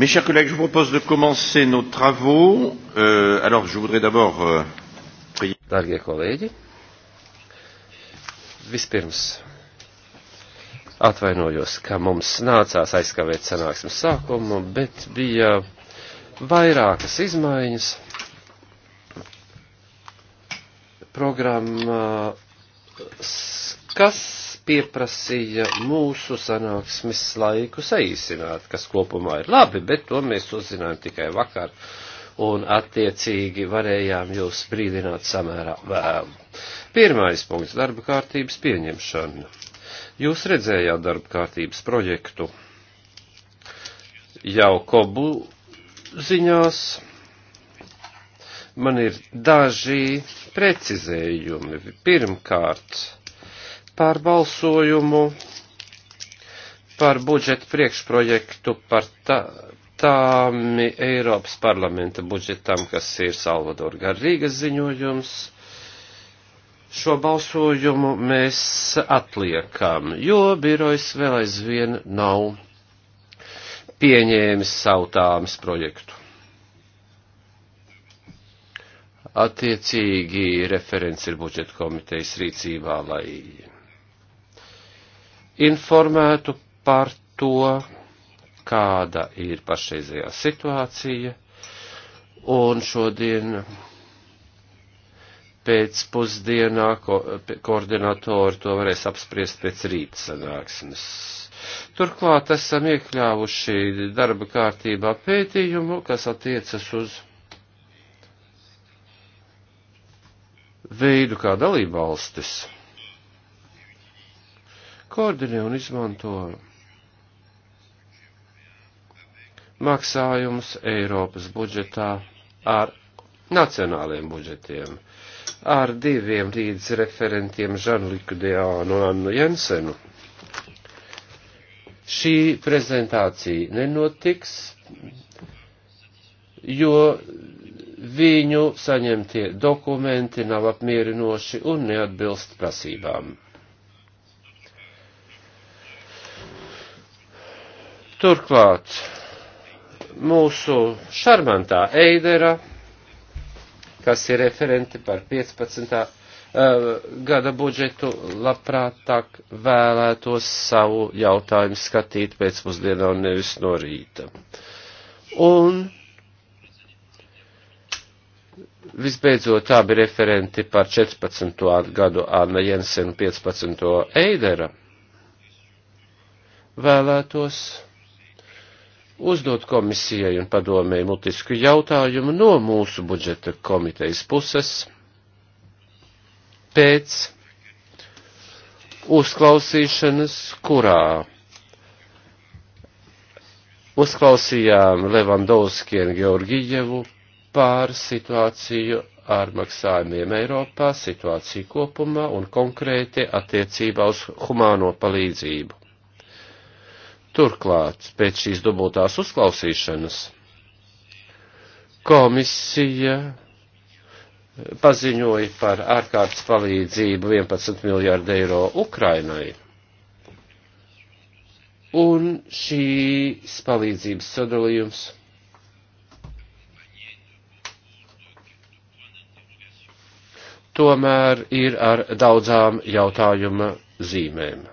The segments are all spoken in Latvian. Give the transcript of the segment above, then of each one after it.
Mes chers collègues, je vous propose de commencer nos travaux. Euh, alors, je voudrais d'abord euh, prier. Dargie kolēģi, vispirms atvainojos, ka mums nācās aizkavēt sanāksmes sākumu, bet bija vairākas izmaiņas programmas, kas pieprasīja mūsu sanāksmes laiku saīsināt, kas kopumā ir labi, bet to mēs uzzinājām tikai vakar un attiecīgi varējām jūs brīdināt samērā vēlu. Pirmais punkts - darba kārtības pieņemšana. Jūs redzējāt darba kārtības projektu jau kobu ziņās. Man ir daži precizējumi. Pirmkārt, par balsojumu par budžeta priekšprojektu par tā, tām Eiropas parlamenta budžetam, kas ir Salvador Garrīgas ziņojums. Šo balsojumu mēs atliekam, jo birojs vēl aizvien nav pieņēmis savu tāmas projektu. Attiecīgi referents ir budžeta komitejas rīcībā, lai informētu par to, kāda ir pašreizējā situācija, un šodien pēc pusdienā ko, koordinatori to varēs apspriest pēc rīta sanāksmes. Turklāt esam iekļāvuši darba kārtībā pētījumu, kas attiecas uz veidu, kā dalībvalstis koordinē un izmanto maksājumus Eiropas budžetā ar nacionāliem budžetiem, ar diviem līdz referentiem Žanliku Deānu un Annu Jensenu. Šī prezentācija nenotiks, jo viņu saņemtie dokumenti nav apmierinoši un neatbilst prasībām. Turklāt mūsu šarmantā Eidera, kas ir referente par 15. Eh, gada budžetu, labprātāk vēlētos savu jautājumu skatīt pēcpusdienā un nevis no rīta. Un visbeidzot abi referenti par 14. gadu Anna Jensen un 15. Eidera vēlētos uzdot komisijai un padomēji mutisku jautājumu no mūsu budžeta komitejas puses pēc uzklausīšanas, kurā uzklausījām Levandovski un Georgijevu pār situāciju ar maksājumiem Eiropā, situāciju kopumā un konkrēti attiecībā uz humāno palīdzību. Turklāt pēc šīs dubultās uzklausīšanas komisija paziņoja par ārkārtas palīdzību 11 miljārdu eiro Ukrainai. Un šīs palīdzības sadalījums tomēr ir ar daudzām jautājuma zīmēm.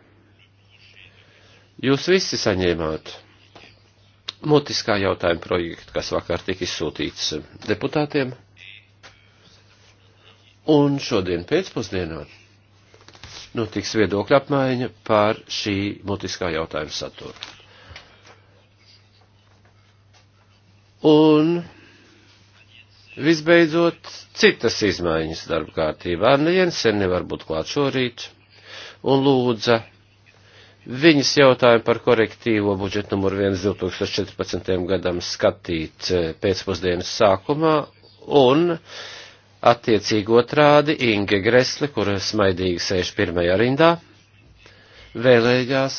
Jūs visi saņēmāt mutiskā jautājuma projektu, kas vakar tika izsūtīts deputātiem. Un šodien pēcpusdienā notiks viedokļa apmaiņa par šī mutiskā jautājuma saturu. Un visbeidzot, citas izmaiņas darba kārtībā. Anna Jensen nevar būt klāt šorīt un lūdza viņas jautājumu par korektīvo budžetu numur 1 2014. gadam skatīt eh, pēcpusdienas sākumā un attiecīgi otrādi Inge Gresle, kur smaidīgi sēž pirmajā rindā, vēlējās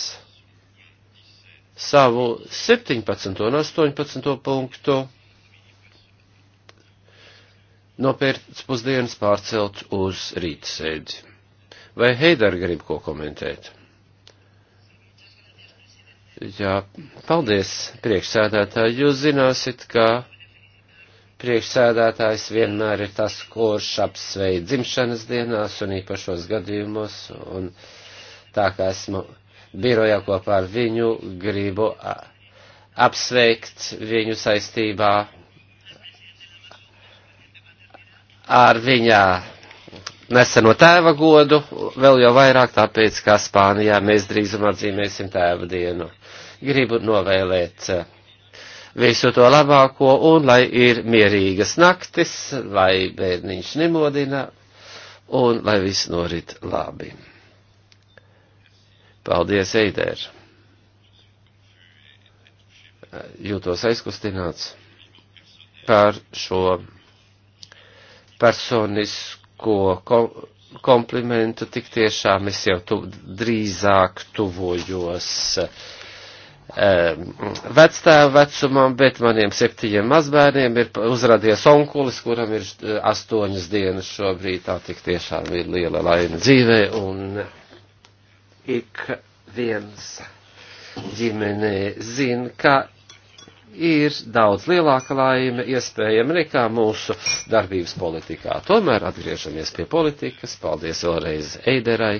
savu 17. un 18. punktu no pēcpusdienas pārcelt uz rītsēdi. Vai Heidar grib ko komentēt? Jā, paldies, priekšsēdētāji. Jūs zināsit, ka priekšsēdētājs vienmēr ir tas, kurš apsveic dzimšanas dienās un īpašos gadījumos, un tā kā esmu birojā kopā ar viņu, gribu apsveikt viņu saistībā ar viņā neseno tēva godu, vēl jau vairāk tāpēc, ka Spānijā mēs drīzumā dzīvēsim tēva dienu gribu novēlēt eh, visu to labāko un lai ir mierīgas naktis, lai bērniņš nemodina un lai viss norit labi. Paldies, Eider! Jūtos aizkustināts par šo personisko kom komplimentu. Tik tiešām es jau tu drīzāk tuvojos uh, Ehm, vecstāvu vecumam, bet maniem septiņiem mazbērniem ir uzradies onkulis, kuram ir eh, astoņas dienas šobrīd. Tā tik tiešām ir liela laime dzīvē un ik viens ģimenē zina, ka ir daudz lielāka laime iespējama nekā mūsu darbības politikā. Tomēr atgriežamies pie politikas. Paldies vēlreiz Eiderai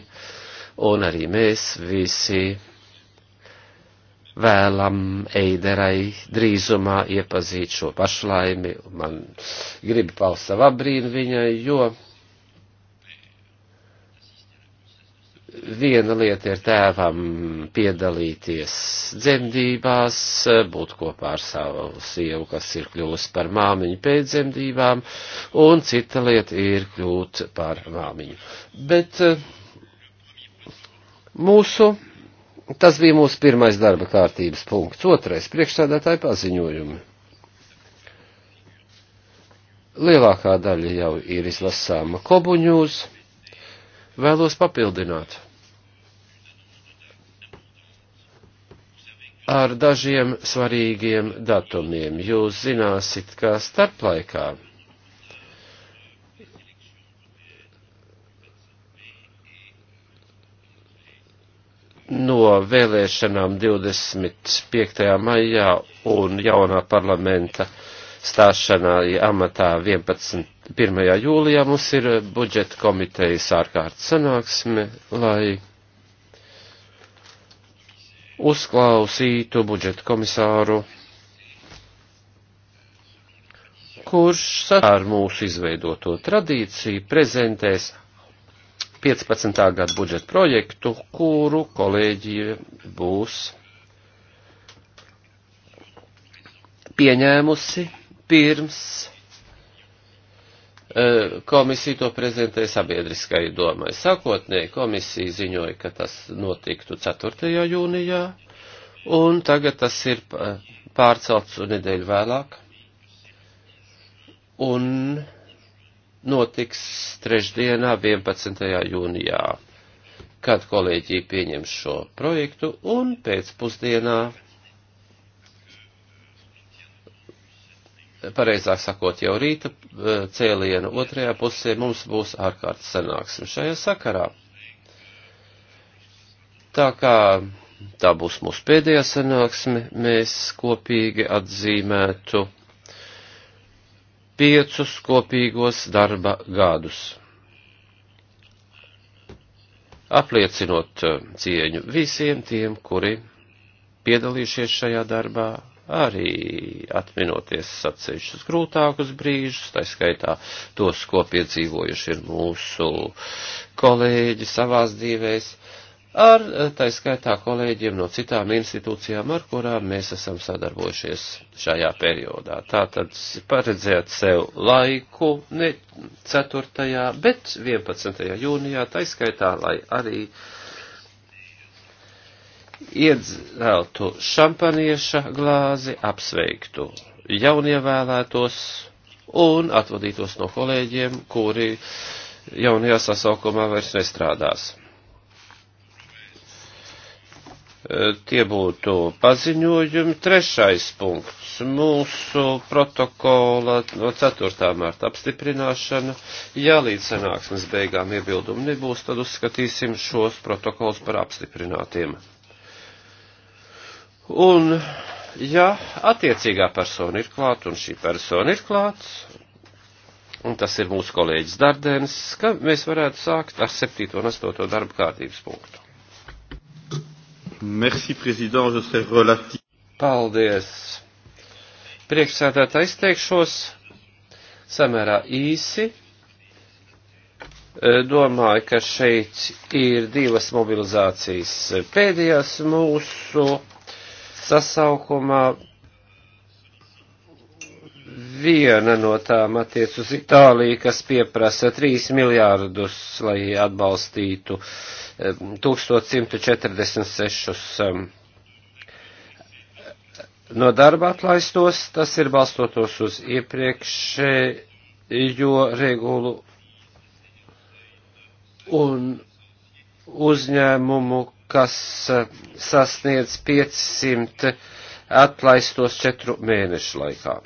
un arī mēs visi vēlam Eiderai drīzumā iepazīt šo pašlaimi. Man grib paust savu apbrīnu viņai, jo viena lieta ir tēvam piedalīties dzemdībās, būt kopā ar savu sievu, kas ir kļuvusi par māmiņu pēc dzemdībām, un cita lieta ir kļūt par māmiņu. Bet eh, mūsu Tas bija mūsu pirmais darba kārtības punkts. Otrais - priekšsēdētāji paziņojumi. Lielākā daļa jau ir izlasāma kobuņūs. Vēlos papildināt ar dažiem svarīgiem datumiem. Jūs zināsit, ka starplaikā no vēlēšanām 25. maijā un jaunā parlamenta stāšanā amatā 11. 1. jūlijā mums ir budžeta komitejas ārkārtas sanāksme, lai uzklausītu budžeta komisāru, kurš ar mūsu izveidoto tradīciju prezentēs 15. gada budžeta projektu, kuru kolēģija būs pieņēmusi pirms e, komisija to prezentēja sabiedriskai domai. Sākotnēji komisija ziņoja, ka tas notiktu 4. jūnijā, un tagad tas ir e, pārcelts nedēļu vēlāk. Un notiks trešdienā 11. jūnijā, kad kolēģija pieņem šo projektu un pēcpusdienā, pareizāk sakot, jau rīta e, cēliena otrajā pusē mums būs ārkārtas sanāksme šajā sakarā. Tā kā tā būs mūsu pēdējā sanāksme, mēs kopīgi atzīmētu piecus kopīgos darba gadus. Apliecinot eh, cieņu visiem tiem, kuri piedalījušies šajā darbā, arī atminoties atsevišķus grūtākus brīžus, tā skaitā tos, ko piedzīvojuši ir mūsu kolēģi savās dzīvēs, ar taiskaitā kolēģiem no citām institūcijām, ar kurām mēs esam sadarbojušies šajā periodā. Tātad paredzēt sev laiku ne 4. bet 11. jūnijā, taiskaitā, lai arī iedzeltu šampanieša glāzi, apsveiktu jaunievēlētos un atvadītos no kolēģiem, kuri jaunajā sasaukumā vairs nestrādās tie būtu paziņojumi. Trešais punkts - mūsu protokola no 4. mārta apstiprināšana. Ja līdz sanāksmes beigām iebildumi nebūs, tad uzskatīsim šos protokols par apstiprinātiem. Un, ja attiecīgā persona ir klāt un šī persona ir klāts, un tas ir mūsu kolēģis Dardēns, ka mēs varētu sākt ar 7. un 8. darba kārtības punktu. Merci, prezident, je serai relatīvi. Paldies. Priekšsēdētā izteikšos samērā īsi. Eh, domāju, ka šeit ir divas mobilizācijas. Pēdējās mūsu sasaukumā viena no tām attiec uz Itāliju, kas pieprasa 3 miljārdus, lai atbalstītu uh, 1146 um, no darba atlaistos, tas ir balstotos uz iepriekšējo regulu un uzņēmumu, kas uh, sasniedz 500 atlaistos četru mēnešu laikā.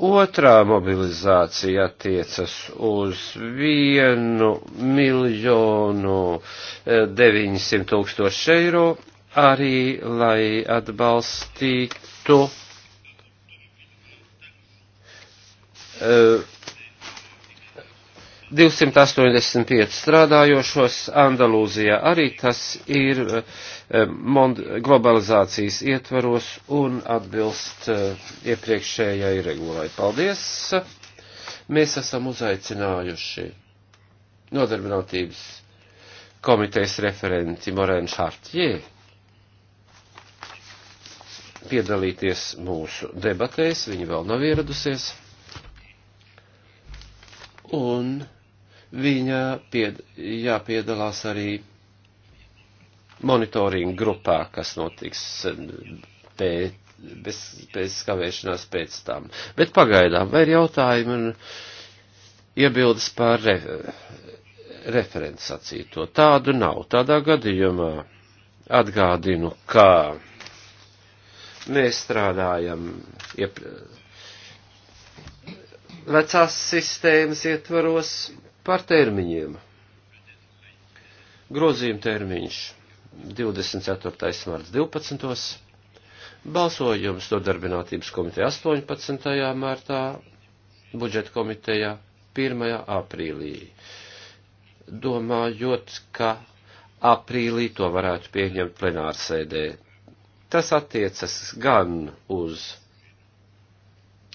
Otrā mobilizācija attiecas uz 1 miljonu 900 eh, tūkstoši eiro, arī lai atbalstītu uh, 285 strādājošos Andalūzijā arī tas ir eh, eh, globalizācijas ietvaros un atbilst eh, iepriekšējai regulai. Paldies! Mēs esam uzaicinājuši nodarbinātības komitejas referenti Morēnu Šārtjē piedalīties mūsu debatēs, viņa vēl nav ieradusies. Un viņa pied, jāpiedalās arī monitoringa grupā, kas notiks pēc, bez, bez kavēšanās pēc tam. Bet pagaidām, vai ir jautājumi un iebildes par re, referents sacīto? Tādu nav. Tādā gadījumā atgādinu, kā mēs strādājam iep... vecās sistēmas ietvaros, Par termiņiem. Grozījuma termiņš 24. marts 12. Balsojums to darbinātības komiteja 18. martā, budžeta komiteja 1. aprīlī. Domājot, ka aprīlī to varētu pieņemt plenārsēdē. Tas attiecas gan uz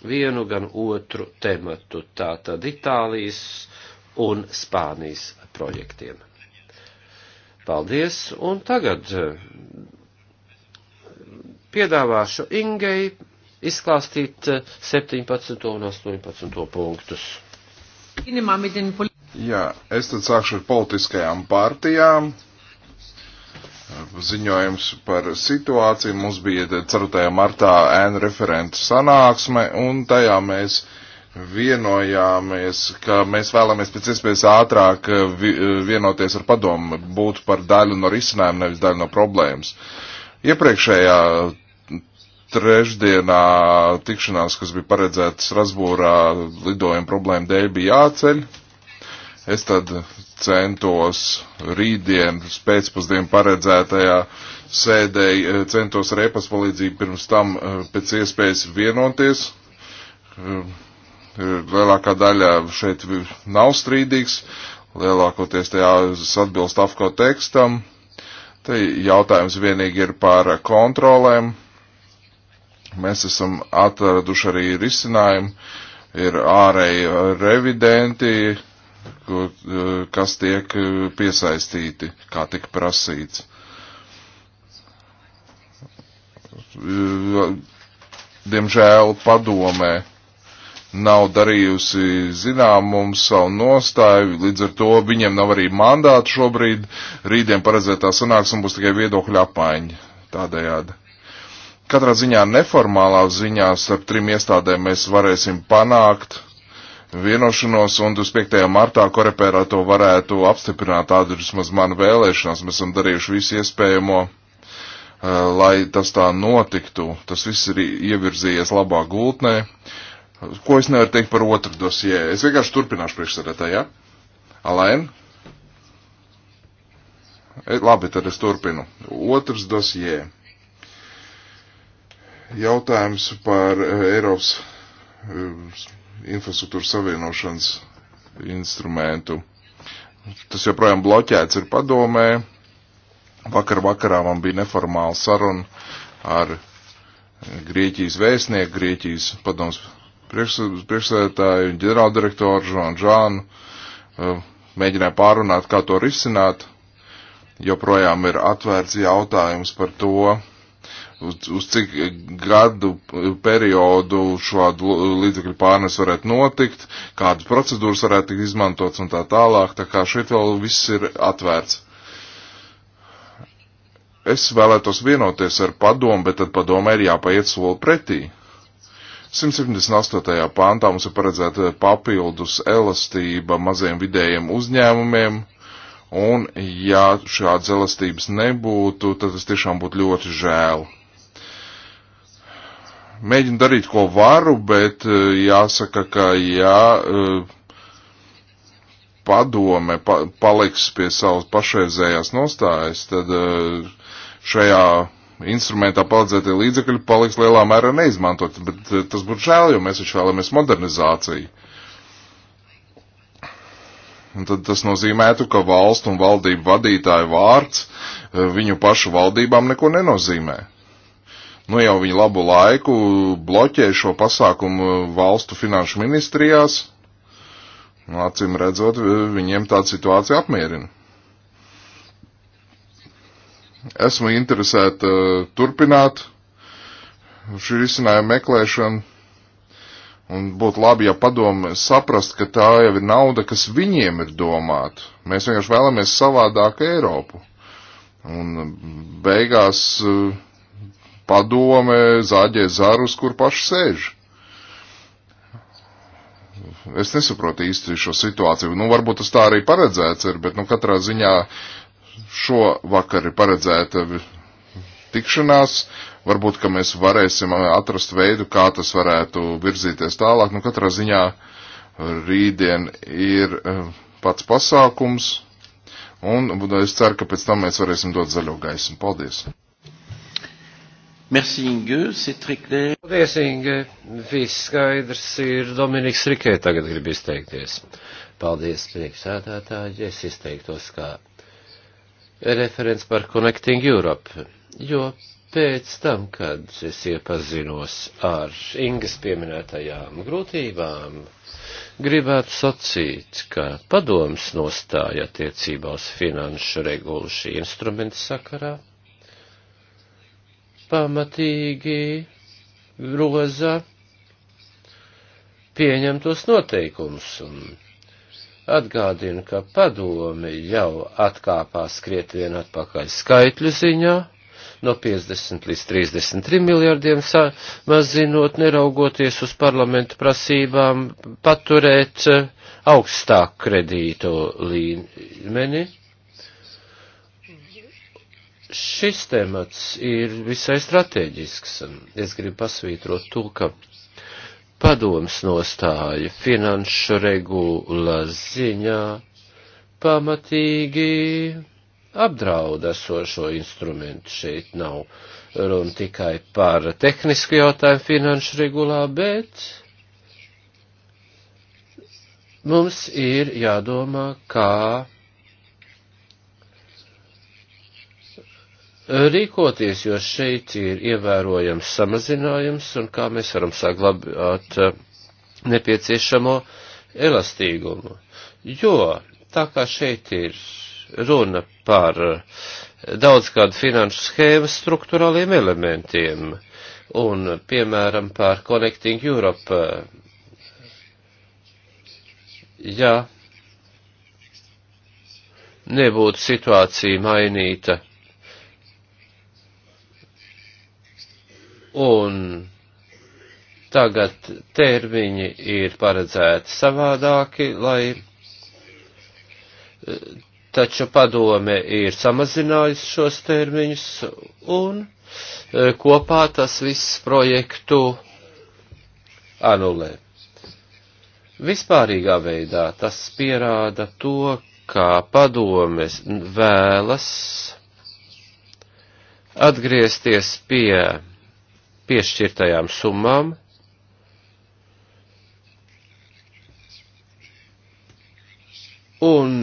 vienu, gan otru tematu. Tātad Itālijas un Spānijas projektiem. Paldies, un tagad eh, piedāvāšu Ingei izklāstīt 17 eh, un 18 punktus. Jā, es tad sākšu ar politiskajām partijām. Ziņojums par situāciju. Mums bija 4. martā ēnu referentu sanāksme, un tajā mēs uh, vienojāmies, ka mēs vēlamies pēc iespējas ātrāk eh, eh, vienoties ar padomu, būtu par daļu no risinājuma, nevis daļu no problēmas. Iepriekšējā trešdienā tikšanās, kas bija paredzēta Strasbūrā, lidojuma problēma dēļ bija jāceļ. Es tad centos rītdien pēcpusdienu paredzētajā sēdē, eh, centos ar epas palīdzību pirms tam pēc iespējas vienoties lielākā daļa šeit nav strīdīgs, lielākoties tajā atbilst AFCO tekstam. Te jautājums vienīgi ir par kontrolēm. Mēs esam atraduši arī risinājumu. Ir ārēji revidenti, kas tiek piesaistīti, kā tika prasīts diemžēl padomē nav darījusi zinām mums savu nostāju, līdz ar to viņiem nav arī mandātu šobrīd, rītdien paredzētā sanāksme būs tikai viedokļa apmaiņa tādējādi. Katrā ziņā neformālā ziņā starp trim iestādēm mēs varēsim panākt vienošanos, un 25. martā korepērā to varētu apstiprināt, tāda ir vismaz mana vēlēšanās, mēs esam darījuši visu iespējamo eh, lai tas tā notiktu. Tas viss ir ievirzījies labā gultnē. Ko es nevaru teikt par otru dosijē? Es vienkārši turpināšu priekšsēdētājā. Ja? Alain? E, labi, tad es turpinu. Otrs dosijē. Jautājums par e, Eiropas e, infrastruktūras savienošanas instrumentu. Tas joprojām bloķēts ir padomē. Vakar vakarā man bija neformāla saruna ar Grieķijas vēstnieku, Grieķijas padoms priekšsēdētāju un ģenerāldirektoru Žonu Žānu eh, mēģināja pārunāt, kā to risināt. Joprojām ir atvērts jautājums par to, uz, uz cik gadu periodu šādu līdzekļu pārnes varētu notikt, kādas procedūras varētu tikt izmantotas un tā tālāk. Tā kā šeit vēl viss ir atvērts es vēlētos vienoties ar padomu, bet tad padomai ir jāpaiet soli pretī. 178. pāntā mums ir paredzēta papildus elastība maziem vidējiem uzņēmumiem, un ja šādas elastības nebūtu, tad tas tiešām būtu ļoti žēl. Mēģinu darīt, ko varu, bet eh, jāsaka, ka jā, eh, padome pa, paliks pie savas pašreizējās nostājas, tad eh, šajā instrumentā paredzētie līdzekļi paliks lielā mērā neizmantot, bet eh, tas būtu žēl, jo mēs taču vēlamies modernizāciju. Un tad tas nozīmētu, ka valstu un valdību vadītāju vārds eh, viņu pašu valdībām neko nenozīmē. Nu jau viņi labu laiku bloķē šo pasākumu valstu finanšu ministrijās, nu, Acīm redzot, eh, viņiem tāda situācija apmierina. Esmu interesēta turpināt šī risinājuma meklēšanu. Un būtu labi, ja padomu saprast, ka tā jau ir nauda, kas viņiem ir domāta. Mēs vienkārši vēlamies savādāku Eiropu. Un beigās eh, padome zāģē zarus, kur paši sēž. Es nesaprotu īsti šo situāciju. Nu, varbūt tas tā arī paredzēts ir, bet, nu, katrā ziņā šo vakar ir paredzēta tikšanās. Varbūt, ka mēs varēsim uh, atrast veidu, kā tas varētu virzīties tālāk. Nu, katrā ziņā uh, rītdien ir uh, pats pasākums, un es ceru, ka pēc tam mēs varēsim dot zaļo gaismu. Paldies! Merci Inge, c'est très clair. Paldies Inge, viss skaidrs ir Dominiks Rikē tagad grib izteikties. Paldies priekšsēdētāji, es izteiktos kā referents par Connecting Europe, jo pēc tam, kad es iepazinos ar Ingas pieminētajām grūtībām, gribētu sacīt, ka padoms nostāja attiecībā uz finanšu regulu šī instrumenta sakarā pamatīgi groza pieņemtos noteikumus un Atgādinu, ka padomi jau atkāpās krietien atpakaļ skaitļu ziņā no 50 līdz 33 miljardiem mazinot, neraugoties uz parlamentu prasībām paturēt eh, augstāk kredītu līmeni. Šis temats ir visai strateģisks. Es gribu pasvītrot to, ka padomas nostāja finanšu regula ziņā pamatīgi apdraud esošo instrumentu. Šeit nav runa tikai par tehnisku jautājumu finanšu regulā, bet mums ir jādomā, kā rīkoties, jo šeit ir ievērojams samazinājums un kā mēs varam saglabāt eh, nepieciešamo elastīgumu. Jo tā kā šeit ir runa par eh, daudz kādu finanšu schēmas struktūrāliem elementiem un, piemēram, par Connecting Europe, eh, ja nebūtu situācija mainīta, Un tagad termiņi ir paredzēti savādāki, lai eh, taču padome ir samazinājusi šos termiņus un eh, kopā tas viss projektu anulē. Vispārīgā veidā tas pierāda to, kā padomes vēlas atgriezties pie piešķirtajām summām. Un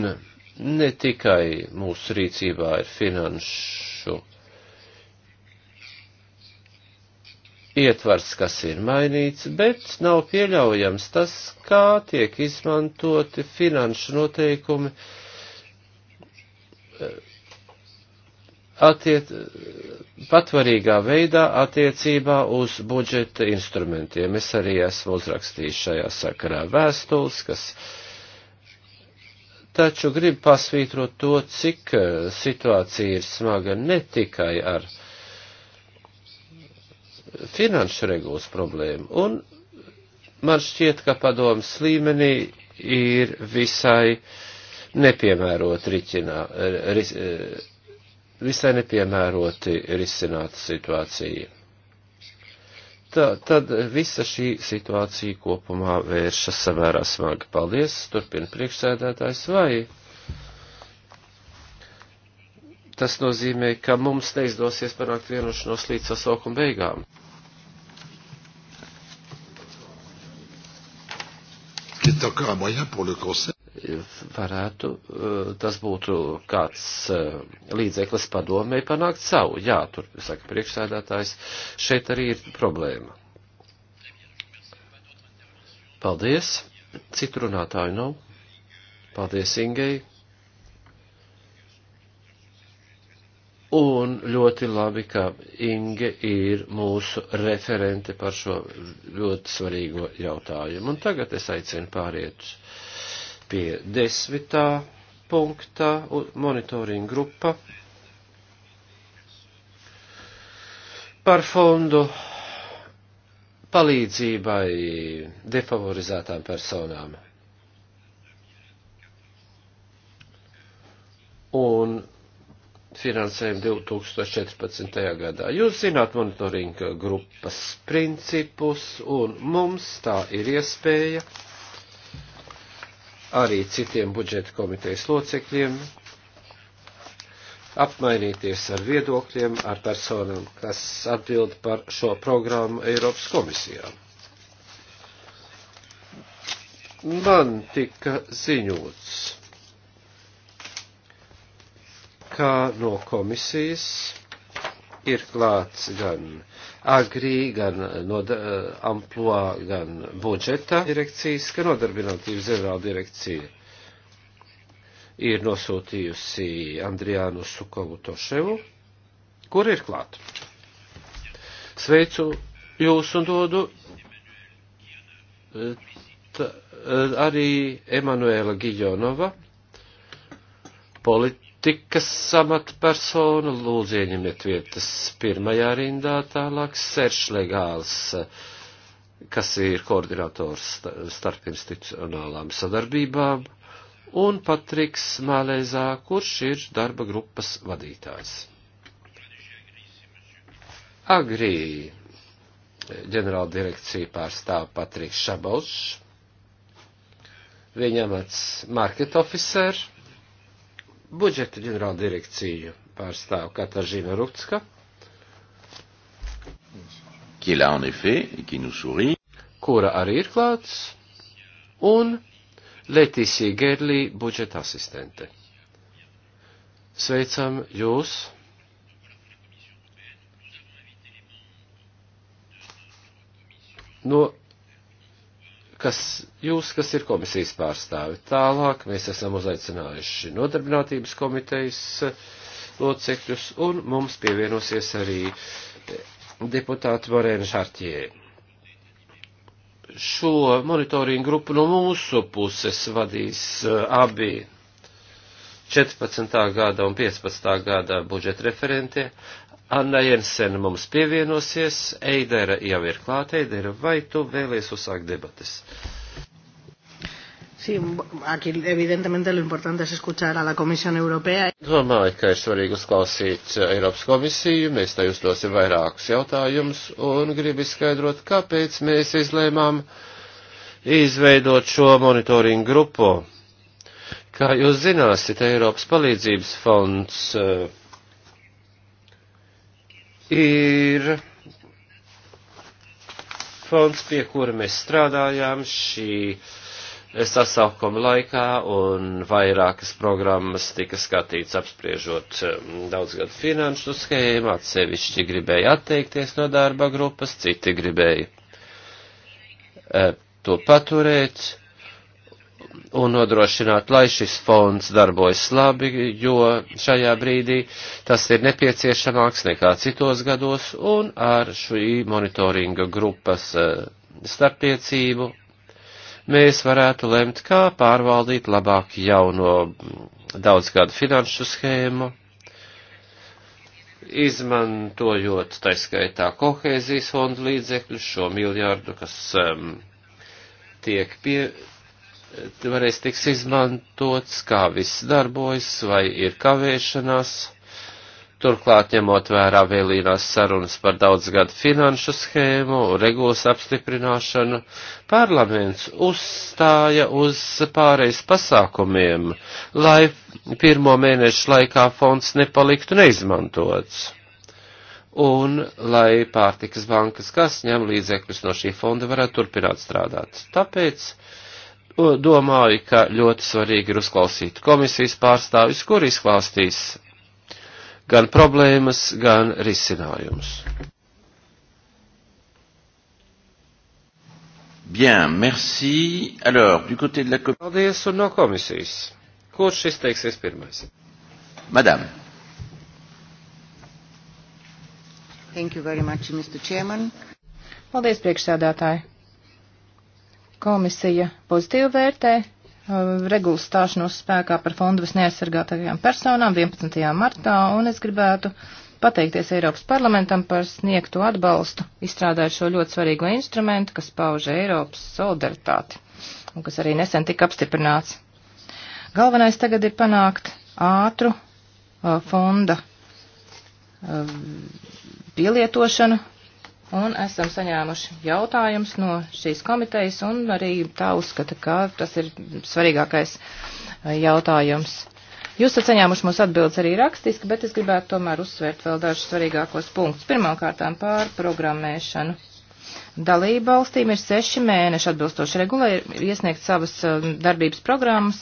ne tikai mūsu rīcībā ir finanšu ietvars, kas ir mainīts, bet nav pieļaujams tas, kā tiek izmantoti finanšu noteikumi attiec, patvarīgā veidā attiecībā uz budžeta instrumentiem. Es arī esmu uzrakstījis šajā sakarā vēstules, kas taču grib pasvītrot to, cik eh, situācija ir smaga ne tikai ar finanšu regulas problēmu. Un man šķiet, ka padomas līmenī ir visai nepiemērot riķinā. Ris, eh, visai nepiemēroti risināt situāciju. Tā, tad visa šī situācija kopumā vēršas samērā smagi. Paldies, turpina priekšsēdētājs vai. Tas nozīmē, ka mums neizdosies panākt vienošanos līdz sasaukuma beigām. C'est encore un moyen pour le Conseil varētu, eh, tas būtu kāds eh, līdzeklis padomē panākt savu. Jā, tur, saka priekšsēdētājs, šeit arī ir problēma. Paldies. Citu runātāju nav. Paldies Ingei. Un ļoti labi, ka Inge ir mūsu referente par šo ļoti svarīgo jautājumu. Un tagad es aicinu pāriet uz pie desmitā punktā monitoringa grupa par fondu palīdzībai defavorizētām personām. Un finansējumu 2014. gadā. Jūs zināt monitoringa grupas principus, un mums tā ir iespēja arī citiem budžeta komitejas locekļiem, apmainīties ar viedokļiem, ar personām, kas atbild par šo programmu Eiropas komisijā. Man tika ziņots, ka no komisijas ir klāts gan agrī, gan eh, no eh, amplua, gan budžeta direkcijas, ka nodarbinātības ģenerāla direkcija ir nosūtījusi Andrijānu Sukovu Toševu, kur ir klāt. Sveicu jūs un dodu eh, t, arī Emanuela Gijonova, polit, politikas amatpersonu, lūdzu ieņemiet vietas pirmajā rindā, tālāk seršlegāls, kas ir koordinators starp institucionālām sadarbībām, un Patriks Mālēzā, kurš ir darba grupas vadītājs. Agrī ģenerāla direkcija pārstāv Patriks Šabalšs, viņam ats market officer, budžeta ģenerāla direkciju pārstāv Katažina Rupska. Kura arī ir klāts, un Letisija Gerlī budžeta asistente. Sveicam jūs! No kas jūs, kas ir komisijas pārstāvi. Tālāk mēs esam uzaicinājuši nodarbinātības komitejas eh, locekļus, un mums pievienosies arī eh, deputāti Morēna Šarķie. Šo monitoringu grupu no mūsu puses vadīs eh, abi 14. gada un 15. gada budžeta referentie Anna Jensena mums pievienosies, Eidera jau ir klāt, Eidera, vai tu vēlies uzsākt debatas? Sí, aquí evidentemente lo importante es escuchar a la Comisión Europea. Domāju, ka ir svarīgi uzklausīt Eiropas komisiju, mēs tai uzdosim vairākus jautājumus un gribu izskaidrot, kāpēc mēs izlēmām izveidot šo monitoringu grupu. Kā jūs zināsiet, Eiropas palīdzības fonds uh, ir fonds, pie kura mēs strādājām šī sasaukuma laikā, un vairākas programmas tika skatīts apspriežot um, daudzgadu finanšu schēmu, atsevišķi gribēja atteikties no darba grupas, citi gribēja uh, to paturēt un nodrošināt, lai šis fonds darbojas labi, jo šajā brīdī tas ir nepieciešamāks nekā citos gados, un ar šī monitoringa grupas eh, starpniecību mēs varētu lemt, kā pārvaldīt labāk jauno mm, daudzgadu finanšu schēmu, izmantojot taiskaitā kohēzijas fondu līdzekļus, šo miljārdu, kas um, tiek pie varēs tiks izmantots, kā viss darbojas, vai ir kavēšanās. Turklāt, ņemot vērā vēlīnās sarunas par daudzgadu finanšu schēmu, regulas apstiprināšanu, parlaments uzstāja uz pārejas pasākumiem, lai pirmo mēnešu laikā fonds nepaliktu neizmantots. Un lai pārtikas bankas, kas ņem līdzekļus no šī fonda, varētu turpināt strādāt. Tāpēc domāju, ka ļoti svarīgi ir uzklausīt komisijas pārstāvis, kur izklāstīs gan problēmas, gan risinājumus. Bien, merci. Alors, du côté de la commission. Paldies un no komisijas. Kurš izteiksies pirmais? Madame. Thank you very much, Mr. Chairman. Paldies, priekšsēdētāji. Komisija pozitīvi vērtē uh, regulas stāšanos spēkā par fondu visneaizsargātākajām personām 11. martā, un es gribētu pateikties Eiropas parlamentam par sniegto atbalstu, izstrādājot šo ļoti svarīgo instrumentu, kas pauž Eiropas solidaritāti, un kas arī nesen tika apstiprināts. Galvenais tagad ir panākt ātru uh, fonda uh, pielietošanu un esam saņēmuši jautājumus no šīs komitejas, un arī tā uzskata, ka tas ir svarīgākais e, jautājums. Jūs esat saņēmuši mūsu atbildes arī rakstiski, bet es gribētu tomēr uzsvērt vēl dažus svarīgākos punktus. Pirmkārtām pār programmēšanu. Dalību valstīm ir seši mēneši atbilstoši regulē, ir iesniegt savas e, darbības programmas,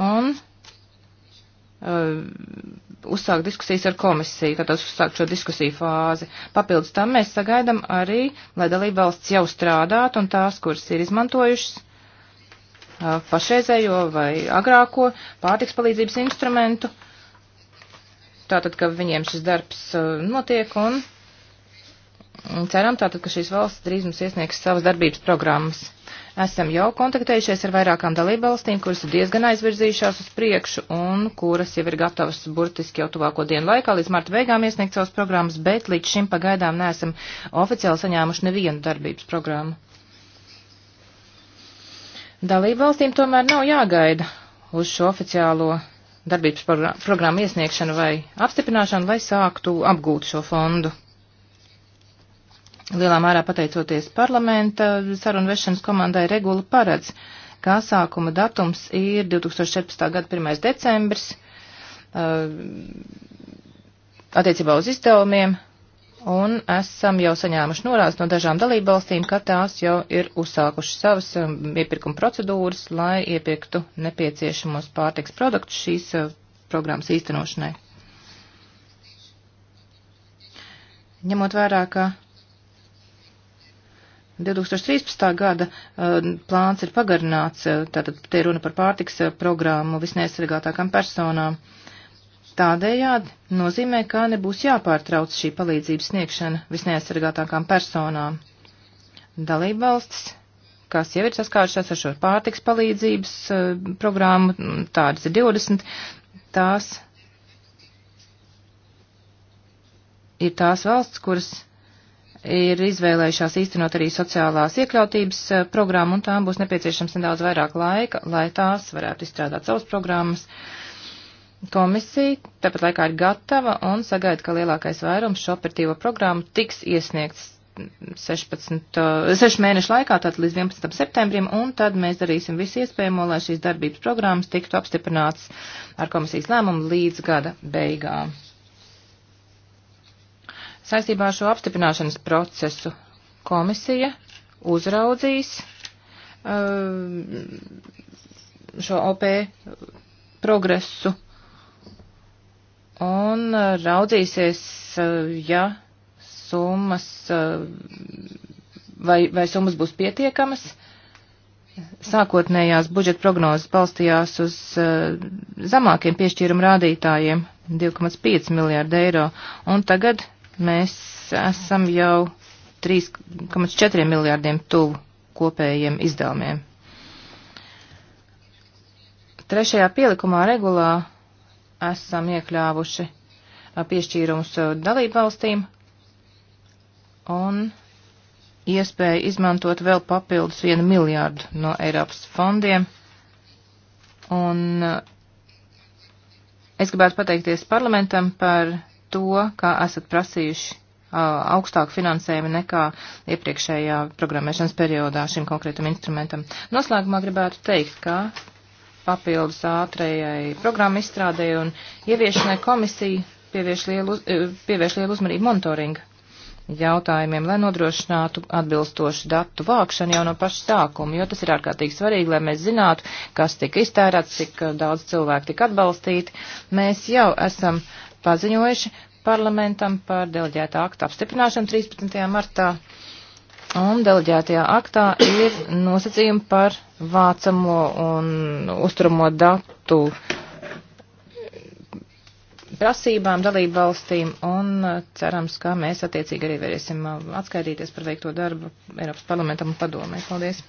un Uh, uzsākt diskusijas ar komisiju, kad tas uzsākt šo diskusiju fāzi. Papildus tam mēs sagaidam arī, lai dalība valsts jau strādātu un tās, kuras ir izmantojušas uh, pašreizējo vai agrāko pārtiks palīdzības instrumentu, tātad, ka viņiem šis darbs uh, notiek un ceram tātad, ka šīs valsts drīz mums iesniegs savas darbības programmas. Esam jau kontaktējušies ar vairākām dalībvalstīm, kuras ir diezgan aizvirzījušās uz priekšu un kuras jau ir gatavas burtiski jau tuvāko dienu laikā līdz marta beigām iesniegt savas programmas, bet līdz šim pagaidām neesam oficiāli saņēmuši nevienu darbības programmu. Dalībvalstīm tomēr nav jāgaida uz šo oficiālo darbības programmu iesniegšanu vai apstiprināšanu, lai sāktu apgūt šo fondu. Lielā mērā pateicoties parlamenta sarunvešanas komandai regula paredz, kā sākuma datums ir 2014. gada 1. decembris uh, attiecībā uz izdevumiem, un esam jau saņēmuši norādes no dažām dalībvalstīm, ka tās jau ir uzsākuši savas um, iepirkuma procedūras, lai iepirktu nepieciešamos pārtiks produktus šīs uh, programmas īstenošanai. Ņemot vērā, ka 2013. gada eh, plāns ir pagarināts, eh, tātad te runa par pārtiks eh, programmu visneaizsargātākām personām. Tādējādi nozīmē, ka nebūs jāpārtrauc šī palīdzības sniegšana visneaizsargātākām personām. Dalībvalstis, kas jau ir saskārušās ar šo pārtiks palīdzības programmu, tādas ir 20, tās ir tās valsts, kuras ir izvēlējušās īstenot arī sociālās iekļautības eh, programmu, un tām būs nepieciešams nedaudz vairāk laika, lai tās varētu izstrādāt savas programmas. Komisija tāpat laikā ir gatava un sagaida, ka lielākais vairums šo operatīvo programmu tiks iesniegts 16, 6 eh, mēnešu laikā, tātad līdz 11. septembrim, un tad mēs darīsim visu iespējamo, lai šīs darbības programmas tiktu apstiprināts ar komisijas lēmumu līdz gada beigām. Saistībā ar šo apstiprināšanas procesu komisija uzraudzīs um, šo OP progresu un raudzīsies, uh, ja summas uh, vai, vai summas būs pietiekamas. Sākotnējās budžeta prognozes balstījās uz uh, zemākiem piešķīrumu rādītājiem 2,5 miljārdu eiro, un tagad mēs esam jau 3,4 miljārdiem tuvu kopējiem izdevumiem. Trešajā pielikumā regulā esam iekļāvuši piešķīrumus dalību valstīm un iespēju izmantot vēl papildus vienu miljārdu no Eiropas fondiem. Un es gribētu pateikties parlamentam par to, ka esat prasījuši uh, augstāku finansējumu nekā iepriekšējā programmēšanas periodā šim konkrētam instrumentam. Noslēgumā gribētu teikt, ka papildus ātrējai programmu izstrādē un ieviešanai komisija pievērš lielu, eh, pievērš lielu uzmanību monitoringa jautājumiem, lai nodrošinātu atbilstošu datu vākšanu jau no paša sākuma, jo tas ir ārkārtīgi svarīgi, lai mēs zinātu, kas tika iztērēts, cik daudz cilvēku tika atbalstīti. Mēs jau esam paziņojuši parlamentam par deleģētā akta apstiprināšanu 13. martā. Un deleģētajā aktā ir nosacījumi par vācamo un uzturamo datu prasībām dalību valstīm un cerams, ka mēs attiecīgi arī varēsim uh, atskaitīties par veikto darbu Eiropas parlamentam un padomē. Paldies!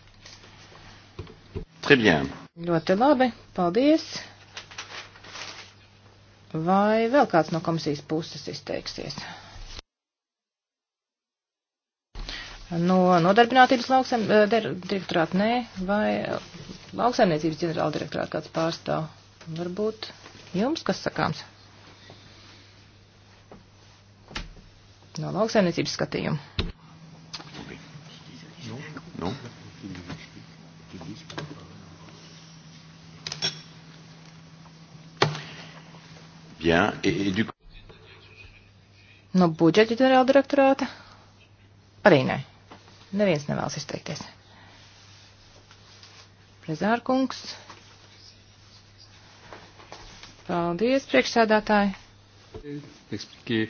Très bien. Ļoti labi, paldies! Vai vēl kāds no komisijas puses izteiksies? No nodarbinātības lauksem, eh, direktorāta nē, vai lauksaimniecības ģenerāla direktorāta kāds pārstāv? Varbūt jums kas sakāms? No lauksaimniecības skatījuma. No. No. Bien. Et, et du... No nu, budžeta ģenerāla direktorāta? Arī nē. Neviens nevēlas izteikties. Prezārkungs. Paldies, priekšsēdātāji. Expliquer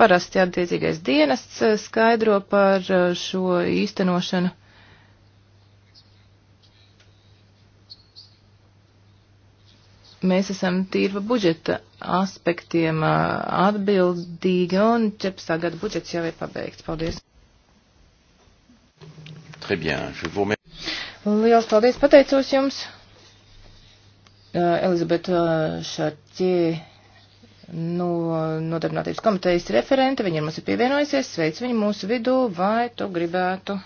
parasti attiecīgais dienests skaidro par eh, šo īstenošanu. mēs esam tīri par budžeta aspektiem atbildīgi, un 14. gada budžets jau ir pabeigts. Paldies! Bien, vous... Liels paldies, pateicos jums! Elizabeta Šarķie no nu, Nodarbinātības komitejas referente, viņa mums ir pievienojusies, sveic viņu mūsu vidū, vai tu gribētu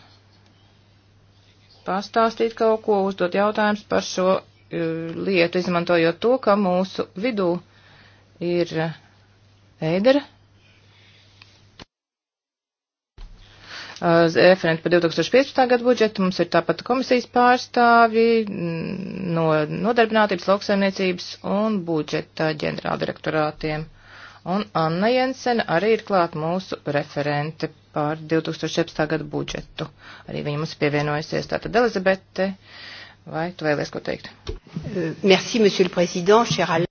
pastāstīt kaut ko, uzdot jautājumus par šo lietu, izmantojot to, ka mūsu vidū ir Eidera. Referenti par 2015. gadu budžetu mums ir tāpat komisijas pārstāvi mm, no nodarbinātības, lauksaimniecības un budžeta ģenerāldirektorātiem. Un Anna Jensena arī ir klāt mūsu referente par 2017. gadu budžetu. Arī viņa mums pievienojusies. Tātad Elizabete. Uh, Vai tu vēlies ko teikt? Euh, merci, monsieur le président, cher Alain.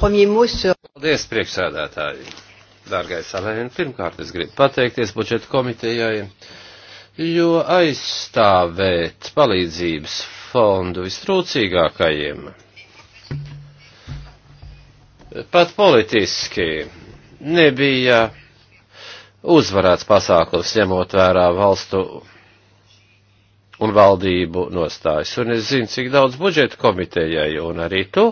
Premier mot sur... Paldies, priekšsēdētāji. Dārgais Alain, pirmkārt es gribu pateikties budžeta komitejai, jo aizstāvēt palīdzības fondu vistrūcīgākajiem. Pat politiski nebija uzvarēts pasākums, ņemot vērā valstu un valdību nostājas. Un es zinu, cik daudz budžeta komitejai, un arī tu,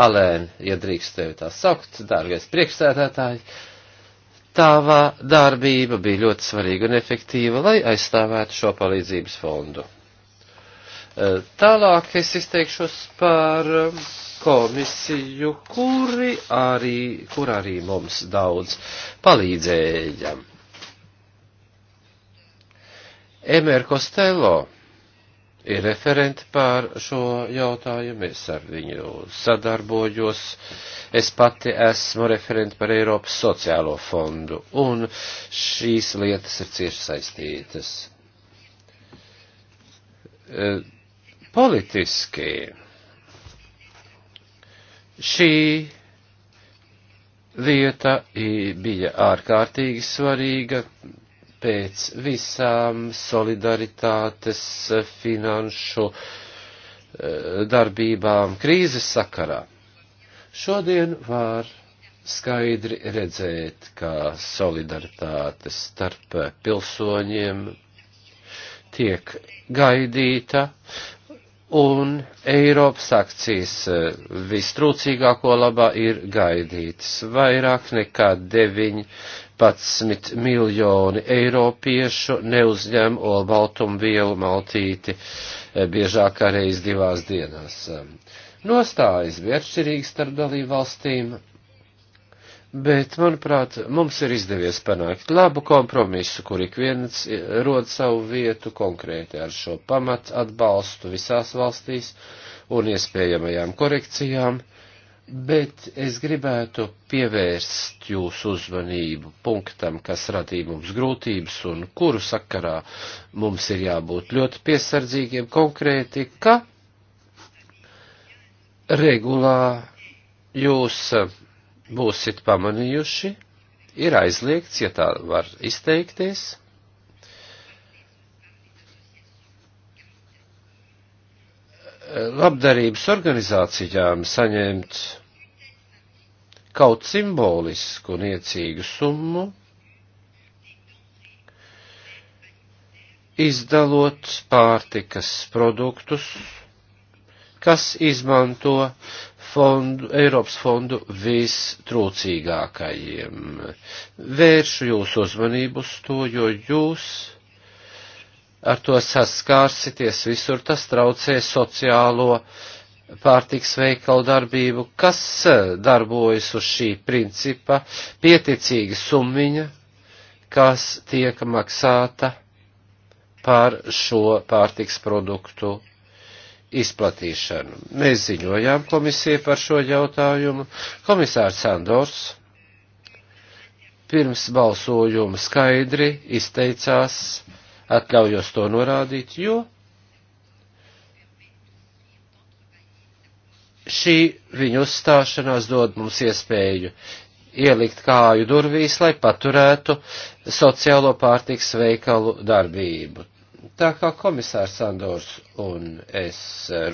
Alēn, ja drīkst tevi tā saukt, dārgais priekšsēdētāji, tāvā darbība bija ļoti svarīga un efektīva, lai aizstāvētu šo palīdzības fondu. E, tālāk es izteikšos par komisiju, kuri arī, kur arī mums daudz palīdzēja. Emer Costello ir referenti pār šo jautājumu, es ar viņu sadarbojos, es pati esmu referenti par Eiropas sociālo fondu, un šīs lietas ir cieši saistītas. E, politiski šī lieta bija ārkārtīgi svarīga, pēc visām solidaritātes finanšu eh, darbībām krīzes sakarā. Šodien var skaidri redzēt, ka solidaritāte starp pilsoņiem tiek gaidīta, un Eiropas akcijas eh, vistrūcīgāko labā ir gaidītas vairāk nekā 9 11 miljoni eiropiešu neuzņem olbaltumvielu maltīti eh, biežākā reiz divās dienās. Eh, Nostājas bija atšķirīgas starp dalību valstīm, bet, manuprāt, mums ir izdevies panākt labu kompromisu, kur ik viens eh, rod savu vietu konkrēti ar šo pamat atbalstu visās valstīs un iespējamajām korekcijām bet es gribētu pievērst jūsu uzmanību punktam, kas radīja mums grūtības un kuru sakarā mums ir jābūt ļoti piesardzīgiem konkrēti, ka regulā jūs būsit pamanījuši, ir aizliegts, ja tā var izteikties, Eh, labdarības organizācijām saņemt kaut simbolisku un iecīgu summu, izdalot pārtikas produktus, kas izmanto fondu, Eiropas fondu vistrūcīgākajiem. Vēršu jūsu uzmanību uz to, jo jūs ar to saskārsities visur, tas traucē sociālo pārtiks veikalu darbību, kas eh, darbojas uz šī principa pieticīga summiņa, kas tiek maksāta par šo pārtiks produktu izplatīšanu. Mēs ziņojām komisiju par šo jautājumu. Komisārs Sandors pirms balsojuma skaidri izteicās, atļaujos to norādīt, jo šī viņa uzstāšanās dod mums iespēju ielikt kāju durvīs, lai paturētu sociālo pārtiks veikalu darbību. Tā kā komisārs Sandors un es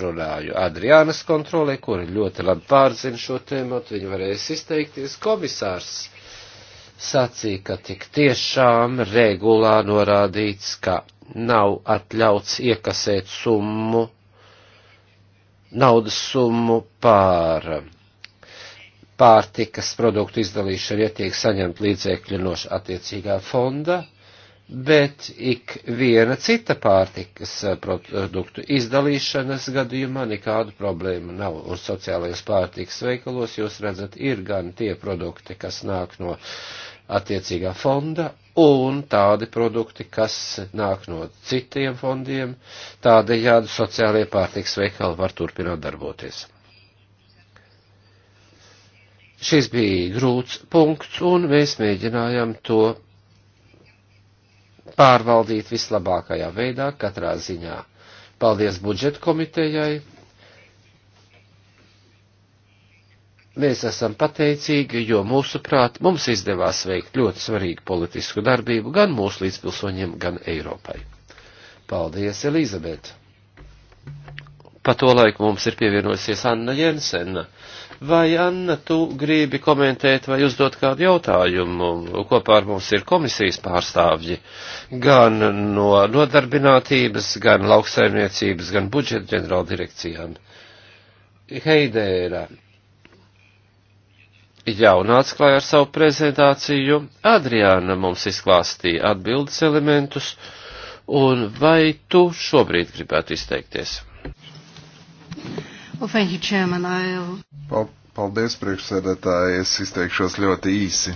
runāju Adriānas kontrolē, kuri ļoti labi pārzina šo tēmu, viņi varēs izteikties. Komisārs sacīja, ka tik tiešām regulā norādīts, ka nav atļauts iekasēt summu, naudas summu pār pārtikas produktu izdalīšanu, ja tiek saņemt līdzēkļi no attiecīgā fonda, bet ik viena cita pārtikas produktu izdalīšanas gadījumā nekādu problēmu nav. Un sociālajos pārtikas veikalos jūs redzat, ir gan tie produkti, kas nāk no uh, attiecīgā fonda un tādi produkti, kas nāk no citiem fondiem, tādējādi sociālie pārtiks veikali var turpināt darboties. Šis bija grūts punkts, un mēs mēģinājām to pārvaldīt vislabākajā veidā, katrā ziņā. Paldies budžeta komitejai Mēs esam pateicīgi, jo mūsuprāt mums izdevās veikt ļoti svarīgu politisku darbību gan mūsu līdzpilsoņiem, gan Eiropai. Paldies, Elizabete! Pa to laiku mums ir pievienojusies Anna Jensena. Vai, Anna, tu gribi komentēt vai uzdot kādu jautājumu? Kopā ar mums ir komisijas pārstāvji gan no nodarbinātības, gan lauksaimniecības, gan budžeta ģenerāla direkcijām. Heidēra, jau nāca klāj ar savu prezentāciju, Adriāna mums izklāstīja atbildes elementus, un vai tu šobrīd gribētu izteikties? Well, thank you, Chairman. I'll... Pal paldies, priekšsēdētāji. Es izteikšos ļoti īsi.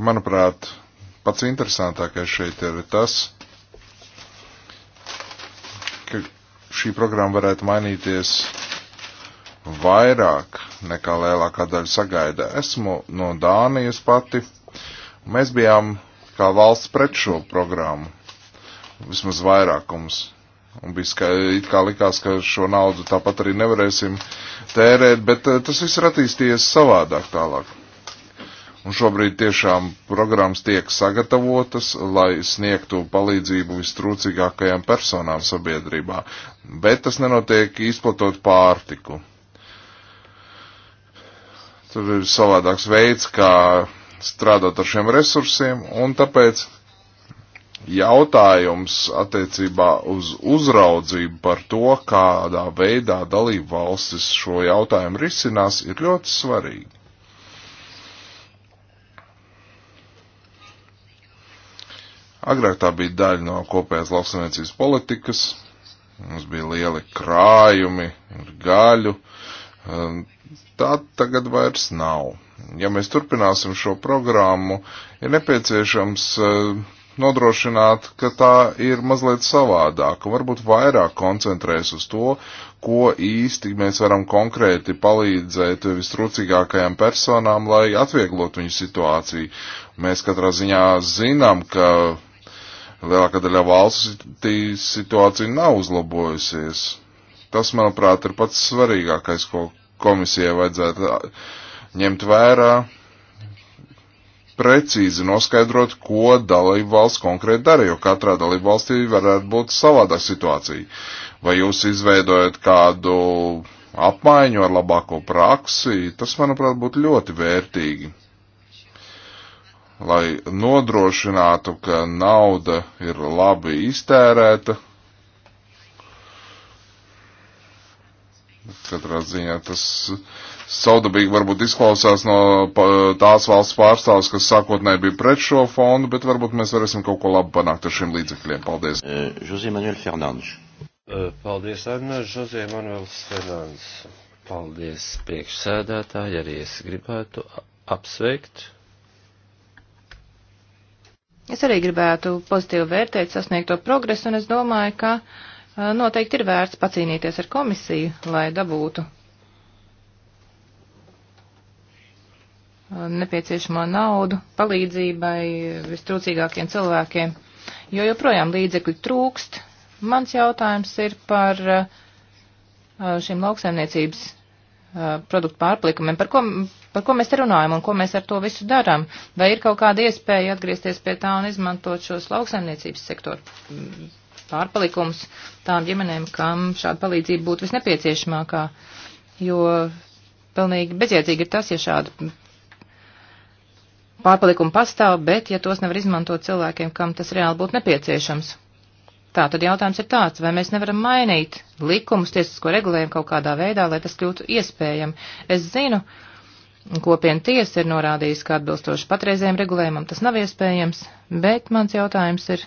Manuprāt, pats interesantākais šeit ir tas, šī programma varētu mainīties vairāk nekā lielākā daļa sagaida. Esmu no Dānijas pati. Mēs bijām kā valsts pret šo programmu. Vismaz vairākums. Un bija ska, it kā likās, ka šo naudu tāpat arī nevarēsim tērēt, bet eh, tas viss ir attīstījies savādāk tālāk. Un šobrīd tiešām programmas tiek sagatavotas, lai sniegtu palīdzību vistrūcīgākajām personām sabiedrībā. Bet tas nenotiek izplatot pārtiku. Tur ir savādāks veids, kā strādāt ar šiem resursiem, un tāpēc jautājums attiecībā uz uzraudzību par to, kādā veidā dalību valstis šo jautājumu risinās, ir ļoti svarīgi. Agrāk tā bija daļa no kopējās lauksaimniecības politikas. Mums bija lieli krājumi ar gaļu. Ehm, tā tagad vairs nav. Ja mēs turpināsim šo programmu, ir nepieciešams ehm, nodrošināt, ka tā ir mazliet savādāka, varbūt vairāk koncentrēs uz to, ko īsti mēs varam konkrēti palīdzēt vistrūcīgākajām personām, lai atvieglotu viņu situāciju. Mēs katrā ziņā zinām, ka lielākā daļa valsts situācija nav uzlabojusies. Tas, manuprāt, ir pats svarīgākais, ko komisijai vajadzētu ņemt vērā, precīzi noskaidrot, ko dalību valsts konkrēti dara, jo katrā dalību valstī varētu būt savādāk situācija. Vai jūs izveidojat kādu apmaiņu ar labāko praksi, tas, manuprāt, būtu ļoti vērtīgi lai nodrošinātu, ka nauda ir labi iztērēta. Katrā ziņā tas saudabīgi varbūt izklausās no tās valsts pārstāvs, kas sākotnēji bija pret šo fondu, bet varbūt mēs varēsim kaut ko labu panākt ar šiem līdzekļiem. Paldies. Eh, José Manuel Fernandes. Eh, paldies, Anna. José Manuels Fernandes. Paldies, priekšsēdētāji. Arī es gribētu apsveikt Es arī gribētu pozitīvi vērtēt sasniegto progresu, un es domāju, ka noteikti ir vērts pacīnīties ar komisiju, lai dabūtu nepieciešamo naudu palīdzībai vistrūcīgākiem cilvēkiem, jo joprojām līdzekļu trūkst. Mans jautājums ir par šiem lauksaimniecības Uh, produktu pārplikumiem. Par ko, par ko mēs te runājam un ko mēs ar to visu darām? Vai ir kaut kāda iespēja atgriezties pie tā un izmantot šos lauksaimniecības sektoru mm, pārpalikumus tām ģimenēm, kam šāda palīdzība būtu visnepieciešamākā? Jo pilnīgi bezjēdzīgi ir tas, ja šāda pārpalikuma pastāv, bet ja tos nevar izmantot cilvēkiem, kam tas reāli būtu nepieciešams. Tā tad jautājums ir tāds, vai mēs nevaram mainīt likumus, tiesisko regulējumu kaut kādā veidā, lai tas kļūtu iespējami. Es zinu, kopiena tiesa ir norādījusi, ka atbilstoši patreizējiem regulējumam tas nav iespējams, bet mans jautājums ir,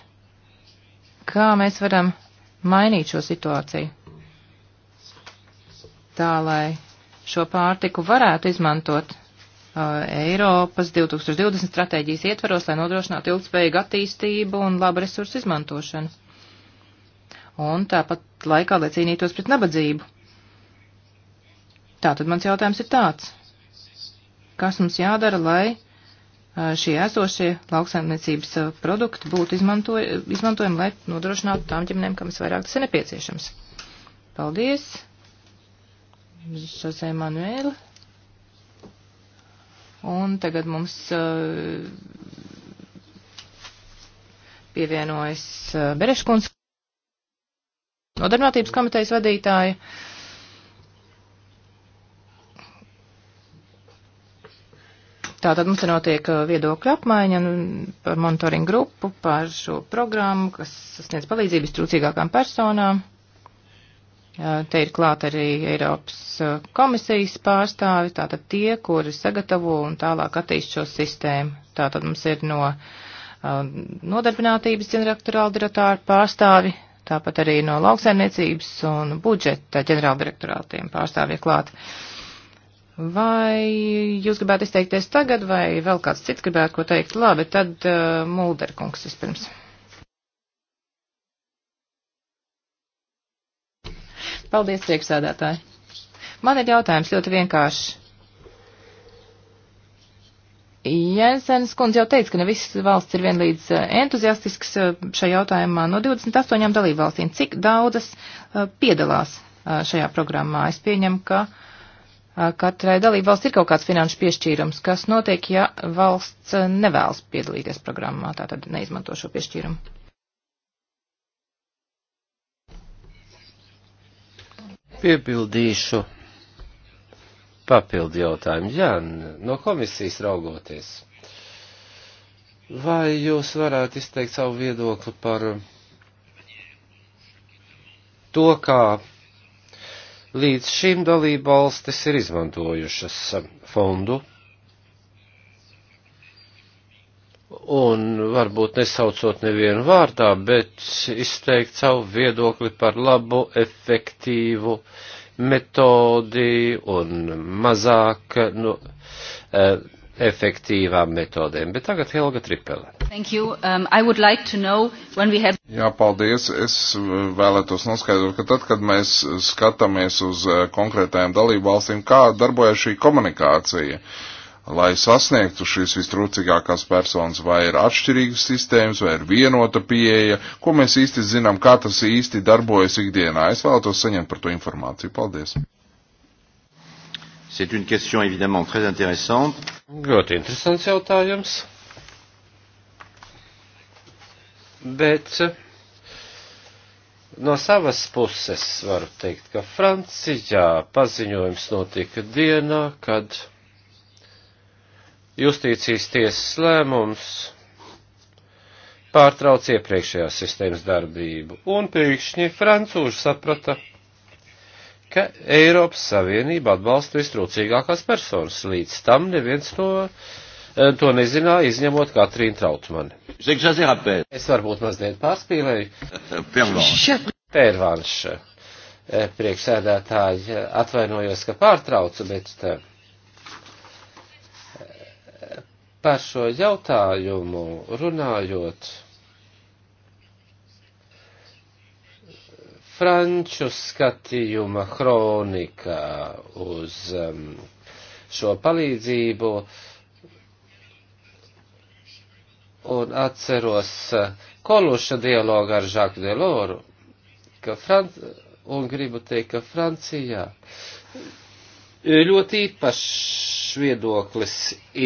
kā mēs varam mainīt šo situāciju tā, lai šo pārtiku varētu izmantot uh, Eiropas 2020 stratēģijas ietvaros, lai nodrošinātu ilgspējīgu attīstību un labu resursu izmantošanu un tāpat laikā, lai cīnītos pret nabadzību. Tātad mans jautājums ir tāds. Kas mums jādara, lai šie esošie lauksaimniecības produkti būtu izmantoja, izmantojami, lai nodrošinātu tām ģimenēm, kam visvairāk tas ir nepieciešams? Paldies! Jose Manuela. Un tagad mums pievienojas Bereškunds nodarbinātības komitejas vadītāja. Tātad mums ir notiek uh, viedokļu apmaiņa par monitoringu grupu, par šo programmu, kas sniedz palīdzības trūcīgākām personām. Te ir klāt arī Eiropas uh, komisijas pārstāvi, tātad tie, kuri sagatavo un tālāk attīst šo sistēmu. Tātad mums ir no uh, nodarbinātības ģeneraktorāla direktāra pārstāvi tāpat arī no lauksaimniecības un budžeta ģenerāldirektorātiem pārstāvja klāt. Vai jūs gribētu izteikties tagad, vai vēl kāds cits gribētu ko teikt? Labi, tad uh, Mulderkungs vispirms. Paldies, priekšsādātāji. Man ir jautājums ļoti vienkārši. Jensens kundze jau teica, ka ne visas valsts ir vienlīdz eh, entuziastisks eh, šajā jautājumā no 28 dalībvalstīm. Cik daudzas eh, piedalās šajā programmā? Es pieņemu, ka katrai dalībvalsts ir kaut kāds finanšu piešķīrums, kas notiek, ja valsts nevēlas piedalīties programmā, tātad neizmanto šo piešķīrumu. Piepildīšu papildu jautājumu. Jā, no komisijas raugoties. Vai jūs varētu izteikt savu viedokli par to, kā līdz šim dalība valstis ir izmantojušas fondu? Un varbūt nesaucot nevienu vārdā, bet izteikt savu viedokli par labu, efektīvu uh, metodi un mazāk nu, eh, efektīvām metodēm. Bet tagad Helga Tripele. Um, like have... Jā, paldies. Es eh, vēlētos noskaidrot, ka tad, kad mēs skatāmies uz eh, konkrētajām dalību valstīm, kā darbojas šī komunikācija. Uh, lai sasniegtu šīs vistrūcīgākās personas, vai ir atšķirīgas sistēmas, vai ir vienota pieeja, ko mēs īsti zinām, kā tas īsti darbojas ikdienā. Es vēlētos saņemt par to informāciju. Paldies! C'est une question évidemment très intéressante. Ļoti interesants jautājums. Bet eh, no savas puses varu teikt, ka Francijā paziņojums notika dienā, kad justīcijas tiesas lēmums pārtrauc iepriekšējās sistēmas darbību, un pēkšņi francūži saprata, ka Eiropas Savienība atbalsta vistrūcīgākās personas, līdz tam neviens to, eh, to nezināja, izņemot Katrīnu Trautmani. Es varbūt mazliet pārspīlēju. Pērvanša eh, priekšsēdētāji atvainojos, ka pārtraucu, bet. Tā, eh, par šo jautājumu runājot. Franču skatījuma kronikā uz um, šo palīdzību un atceros uh, Koluša dialogu ar Žaku Deloru, ka Franc un gribu teikt, ka Francijā Ļoti īpašs viedoklis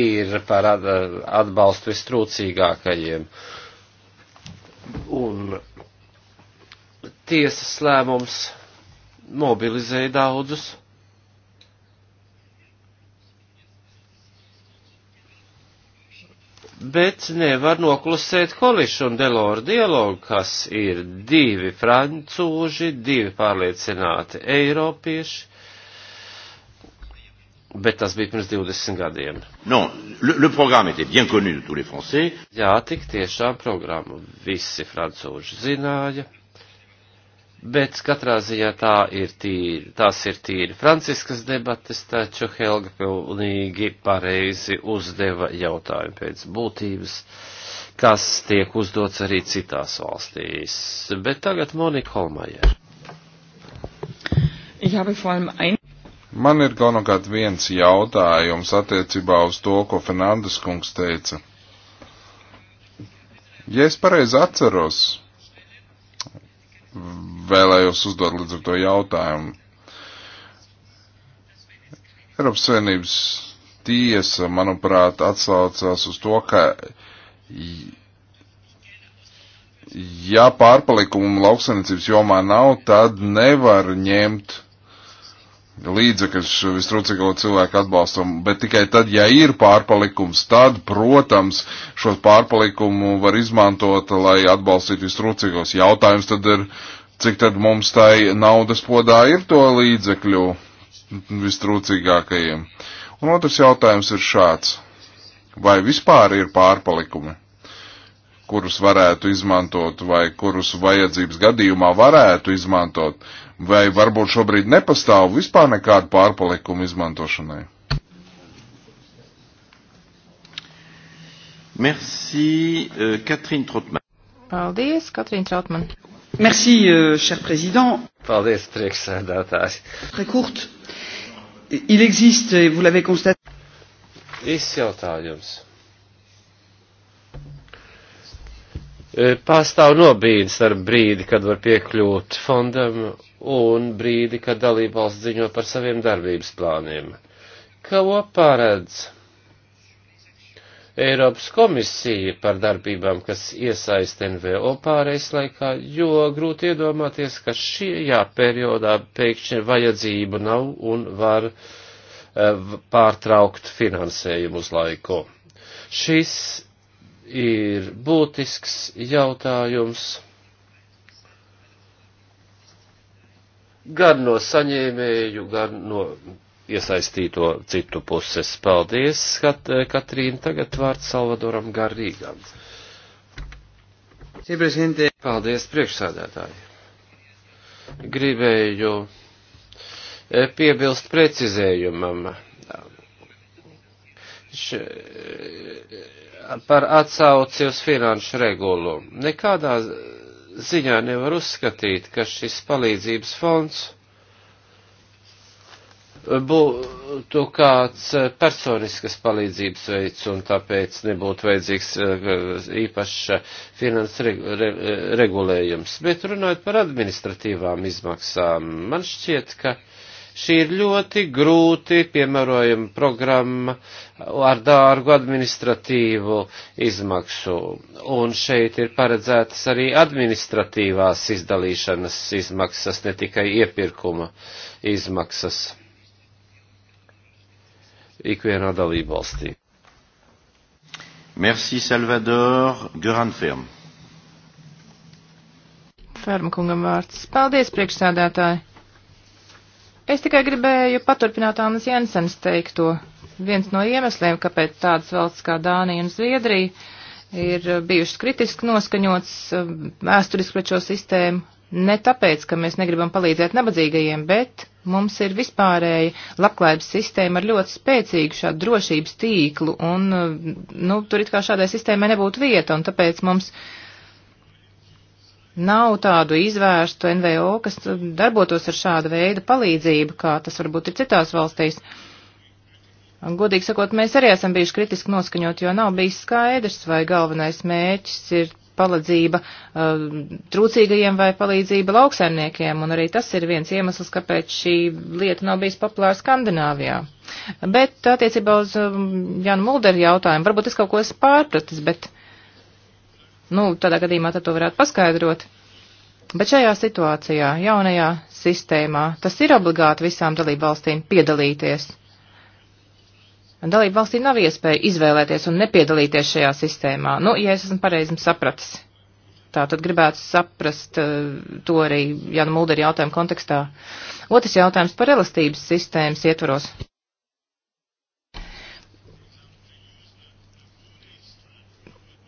ir par atbalstu vistrūcīgākajiem. Un tiesas lēmums mobilizēja daudzus. bet nevar noklusēt Kolišu un Deloru dialogu, kas ir divi francūži, divi pārliecināti eiropieši, Bet tas bija pirms 20 gadiem. Non, le, le programme était bien connu de tous les Français. Jā, tik tiešām programmu visi francūži zināja. Bet katrā ziņā tā ir tīri, tās ir tīri franciskas debates, taču Helga pilnīgi pareizi uzdeva jautājumu pēc būtības, kas tiek uzdots arī citās valstīs. Bet tagad Monika Holmajer. Ich habe vor allem ein Man ir galvenokārt viens jautājums attiecībā uz to, ko Fernandes kungs teica. Ja es pareizi atceros, vēlējos uzdot līdz ar to jautājumu. Eiropas Savienības tiesa, manuprāt, atsaucās uz to, ka ja pārpalikumu lauksaimniecības jomā nav, tad nevar ņemt līdzekļus visstrūcīgo cilvēku atbalstam, bet tikai tad, ja ir pārpalikums, tad, protams, šos pārpalikumu var izmantot, lai atbalstītu visstrūcīgos. Jautājums tad ir, cik tad mums tai naudas podā ir to līdzekļu visstrūcīgākajiem. Un otrs jautājums ir šāds. Vai vispār ir pārpalikumi? kurus varētu izmantot vai kurus vajadzības gadījumā varētu izmantot, vai varbūt šobrīd nepastāv vispār nekādu pārpalikumu izmantošanai? Merci, uh, Katrīna Trotman. Paldies, Katrīna Trautman. Merci, uh, cher président. Paldies, priekšsēdētājs. Très courte. Il existe, vous l'avez constaté. Viss jautājums E, pastāv nobīdes ar brīdi, kad var piekļūt fondam un brīdi, kad dalībvalsts ziņo par saviem darbības plāniem. Ko paredz Eiropas komisija par darbībām, kas iesaist NVO pāreiz laikā, jo grūti iedomāties, ka šajā periodā pēkšņi vajadzību nav un var e, pārtraukt finansējumu uz laiku. Šis ir būtisks jautājums gan no saņēmēju, gan no iesaistīto citu puses. Paldies, Kat Katrīna. Tagad vārds Salvadoram Garīgam. Paldies, priekšsādātāji. Gribēju eh, piebilst precizējumam. Še, par atsauci uz finanšu regulu. Nekādā ziņā nevar uzskatīt, ka šis palīdzības fonds būtu kāds personiskas palīdzības veids un tāpēc nebūtu vajadzīgs eh, īpašs finanses regulējums. Bet runājot par administratīvām izmaksām, man šķiet, ka Šī ir ļoti grūti piemērojama programma ar dārgu administratīvu izmaksu. Un šeit ir paredzētas arī administratīvās izdalīšanas izmaksas, ne tikai iepirkuma izmaksas ikvienā dalību valstī. Merci Salvador Göranferm. Ferma kungam vārds. Paldies, priekšsādātāji! Es tikai gribēju paturpināt Annas Jensens teikto. Viens no iemesliem, kāpēc tādas valsts kā Dānija un Zviedrija ir bijušas kritiski noskaņots um, vēsturiski pret šo sistēmu, ne tāpēc, ka mēs negribam palīdzēt nabadzīgajiem, bet mums ir vispārēja labklājības sistēma ar ļoti spēcīgu šādu drošības tīklu, un, um, nu, tur it kā šādai sistēmai nebūtu vieta, un tāpēc mums. Uh, nav tādu izvērstu NVO, kas darbotos ar šādu veidu palīdzību, kā tas varbūt ir citās valstīs. Godīgi sakot, mēs arī esam bijuši kritiski noskaņot, jo nav bijis skaidrs, vai galvenais mēķis ir palīdzība uh, trūcīgajiem vai palīdzība lauksaimniekiem, un arī tas ir viens iemesls, kāpēc šī lieta nav bijis populāra Skandināvijā. Bet attiecībā uz um, Jānu Mulderu jautājumu, varbūt es kaut ko esmu pārpratis, bet Nu, tādā gadījumā tad to varētu paskaidrot. Bet šajā situācijā, jaunajā sistēmā, tas ir obligāti visām dalību valstīm piedalīties. Dalību valstī nav iespēja izvēlēties un nepiedalīties šajā sistēmā. Nu, ja es esmu pareizi sapratis. Tā tad gribētu saprast uh, to arī Jana Muldera jautājuma kontekstā. Otrs jautājums par elastības sistēmas ietvaros.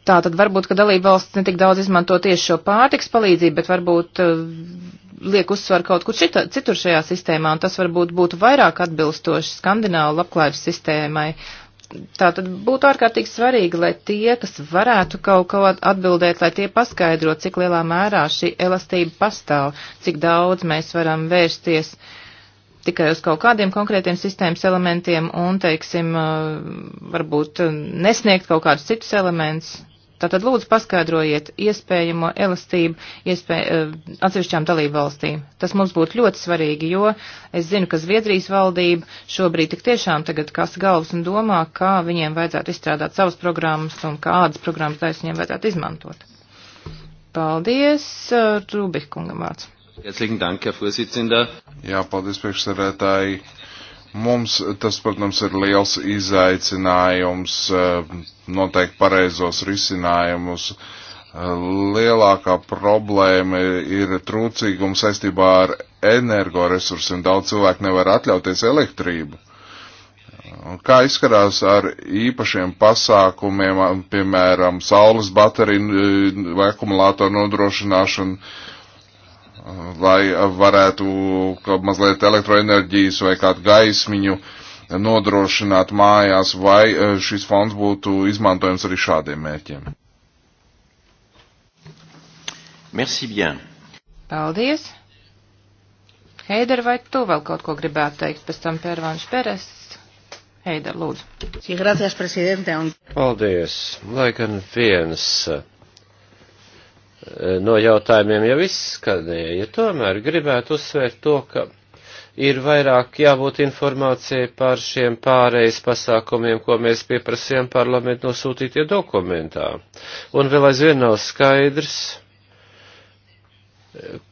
Tā tad varbūt, ka dalība valsts netik daudz izmanto tieši šo pārtiks palīdzību, bet varbūt uh, liek uzsvaru kaut kur šita, citur šajā sistēmā, un tas varbūt būtu vairāk atbilstoši skandinālu labklājības sistēmai. Tā tad būtu ārkārtīgi svarīgi, lai tie, kas varētu kaut ko atbildēt, lai tie paskaidro, cik lielā mērā šī elastība pastāv, cik daudz mēs varam vērsties tikai uz kaut kādiem konkrētiem sistēmas elementiem un, teiksim, eh, varbūt nesniegt kaut kādus citus elementus, Tātad lūdzu paskaidrojiet iespējamo elastību iespēj, eh, atsevišķām dalību valstīm. Tas mums būtu ļoti svarīgi, jo es zinu, ka Zviedrijas valdība šobrīd tik tiešām tagad kas galvas un domā, kā viņiem vajadzētu izstrādāt savas programmas un kādas programmas daļas viņiem vajadzētu izmantot. Paldies, eh, Rubikungam vārds. Jā, paldies priekšsarētāji. Mums tas, protams, ir liels izaicinājums eh, noteikt pareizos risinājumus. Eh, lielākā problēma ir trūcīgums saistībā ar energoresursiem. Daudz cilvēku nevar atļauties elektrību. Kā izskatās ar īpašiem pasākumiem, piemēram, saules bateriju eh, vai akumulātoru nodrošināšanu lai varētu mazliet elektroenerģijas vai kādu gaismiņu nodrošināt mājās, vai e, šis fonds būtu izmantojams arī šādiem mērķiem. Merci bien. Paldies. Heider, vai tu vēl kaut ko gribētu teikt pēc tam Pērvāņš Peres? Heider, lūdzu. Paldies. Lai gan viens no jautājumiem jau izskanēja. Tomēr gribētu uzsvērt to, ka ir vairāk jābūt informācijai par šiem pārejas pasākumiem, ko mēs pieprasījām parlamentu nosūtītie dokumentā. Un vēl aizvien nav skaidrs,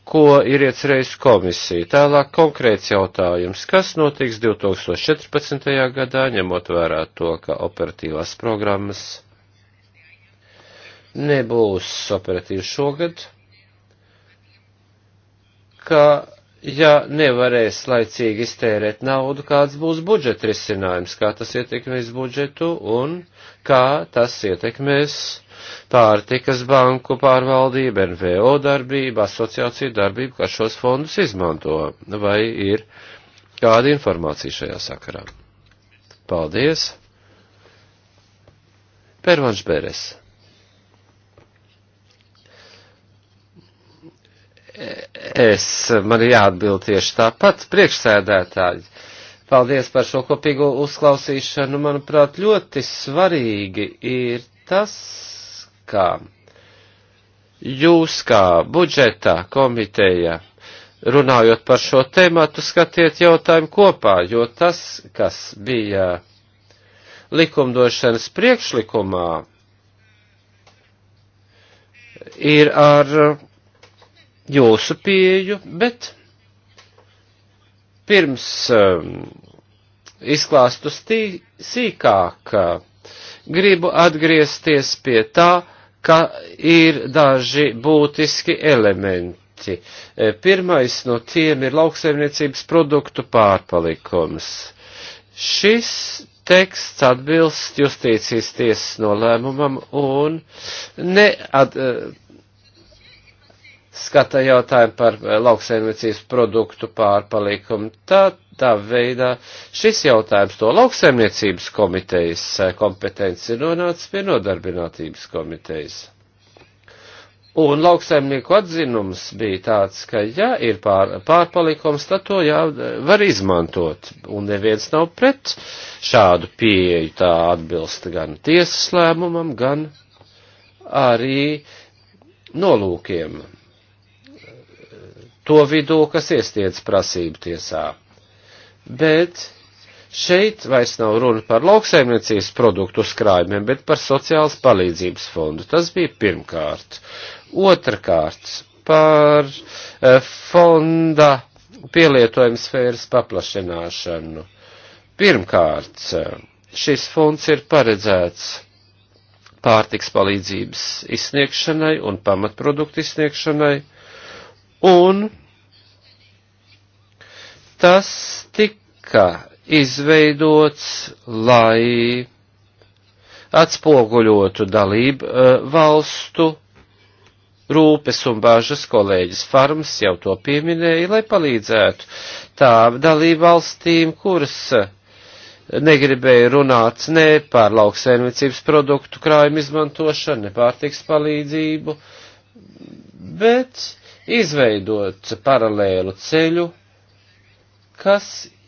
ko ir iecerējusi komisija. Tālāk konkrēts jautājums. Kas notiks 2014. gadā, ņemot vērā to, ka operatīvās programmas nebūs operatīvs šogad, ka, ja nevarēs laicīgi iztērēt naudu, kāds būs budžeta risinājums, kā tas ietekmēs budžetu un kā tas ietekmēs pārtikas banku pārvaldību, NVO darbību, asociāciju darbību, kā šos fondus izmanto, vai ir kāda informācija šajā sakarā. Paldies! Pervanš Beres. es, man ir jāatbild tieši tāpat priekšsēdētāji. Paldies par šo kopīgo uzklausīšanu. Manuprāt, ļoti svarīgi ir tas, kā jūs kā budžetā komiteja runājot par šo tēmatu, skatiet jautājumu kopā, jo tas, kas bija likumdošanas priekšlikumā, ir ar jūsu pieju, bet pirms um, izklāstu sīkāk, uh, gribu atgriezties pie tā, ka ir daži būtiski elementi. Uh, pirmais no tiem ir lauksaimniecības produktu pārpalikums. Šis teksts atbilst justīcijas tiesas nolēmumam un neat, uh, skata jautājumu par eh, lauksaimniecības produktu pārpalikumu. Tā, tā veidā šis jautājums to lauksaimniecības komitejas eh, kompetenci nonāca pie nodarbinātības komitejas. Un lauksaimnieku atzinums bija tāds, ka ja ir pār, pārpalikums, tad to jā, var izmantot. Un neviens nav pret šādu pieeju. Tā atbilst gan tiesas lēmumam, gan arī nolūkiem to vidū, kas iestiedz prasību tiesā. Bet šeit vairs nav runa par lauksaimniecības produktu uzkrājumiem, bet par sociālas palīdzības fondu. Tas bija pirmkārt. Otrakārt, par eh, fonda pielietojuma sfēras paplašināšanu. Pirmkārt, eh, šis fonds ir paredzēts pārtiks palīdzības izsniegšanai un pamatproduktu izsniegšanai un tas tika izveidots, lai atspoguļotu dalību eh, valstu rūpes un bāžas kolēģis Farms jau to pieminēja, lai palīdzētu tām dalību valstīm, kuras eh, negribēja runāt ne par lauksaimniecības produktu krājumu izmantošanu, ne pārtiks palīdzību, bet izveidot paralēlu ceļu, kas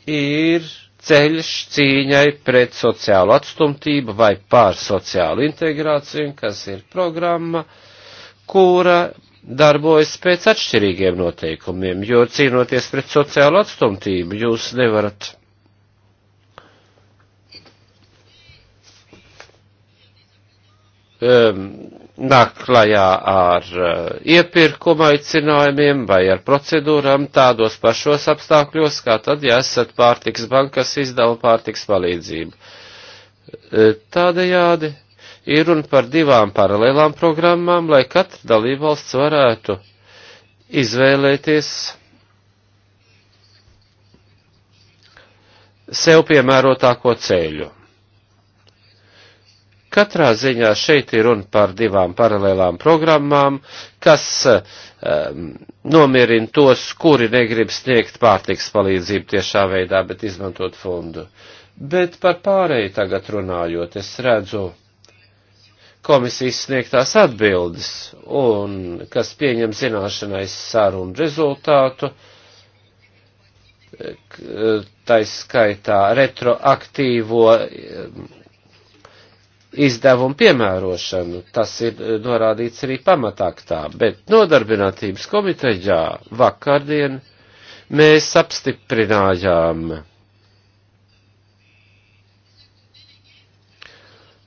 ir ceļš cīņai pret sociālu atstumtību vai pār sociālu integrāciju, kas ir programma, kura darbojas pēc atšķirīgiem noteikumiem, jo cīnoties pret sociālu atstumtību jūs nevarat um, nāk klajā ar eh, iepirkuma aicinājumiem vai ar procedūram tādos pašos apstākļos, kā tad, ja esat pārtiks bankas izdala pārtiks palīdzību. Eh, tādējādi ir un par divām paralēlām programmām, lai katra dalībvalsts varētu izvēlēties sev piemērotāko ceļu. Katrā ziņā šeit ir runa par divām paralēlām programmām, kas um, nomierina tos, kuri negrib sniegt pārtiks palīdzību tiešā veidā, bet izmantot fondu. Bet par pārēju tagad runājot, es redzu komisijas sniegtās atbildes un kas pieņem zināšanai sarunu rezultātu, taisa skaitā retroaktīvo um, izdevumu piemērošanu. Tas ir eh, norādīts arī pamataktā, bet nodarbinātības komitejā vakardien mēs apstiprinājām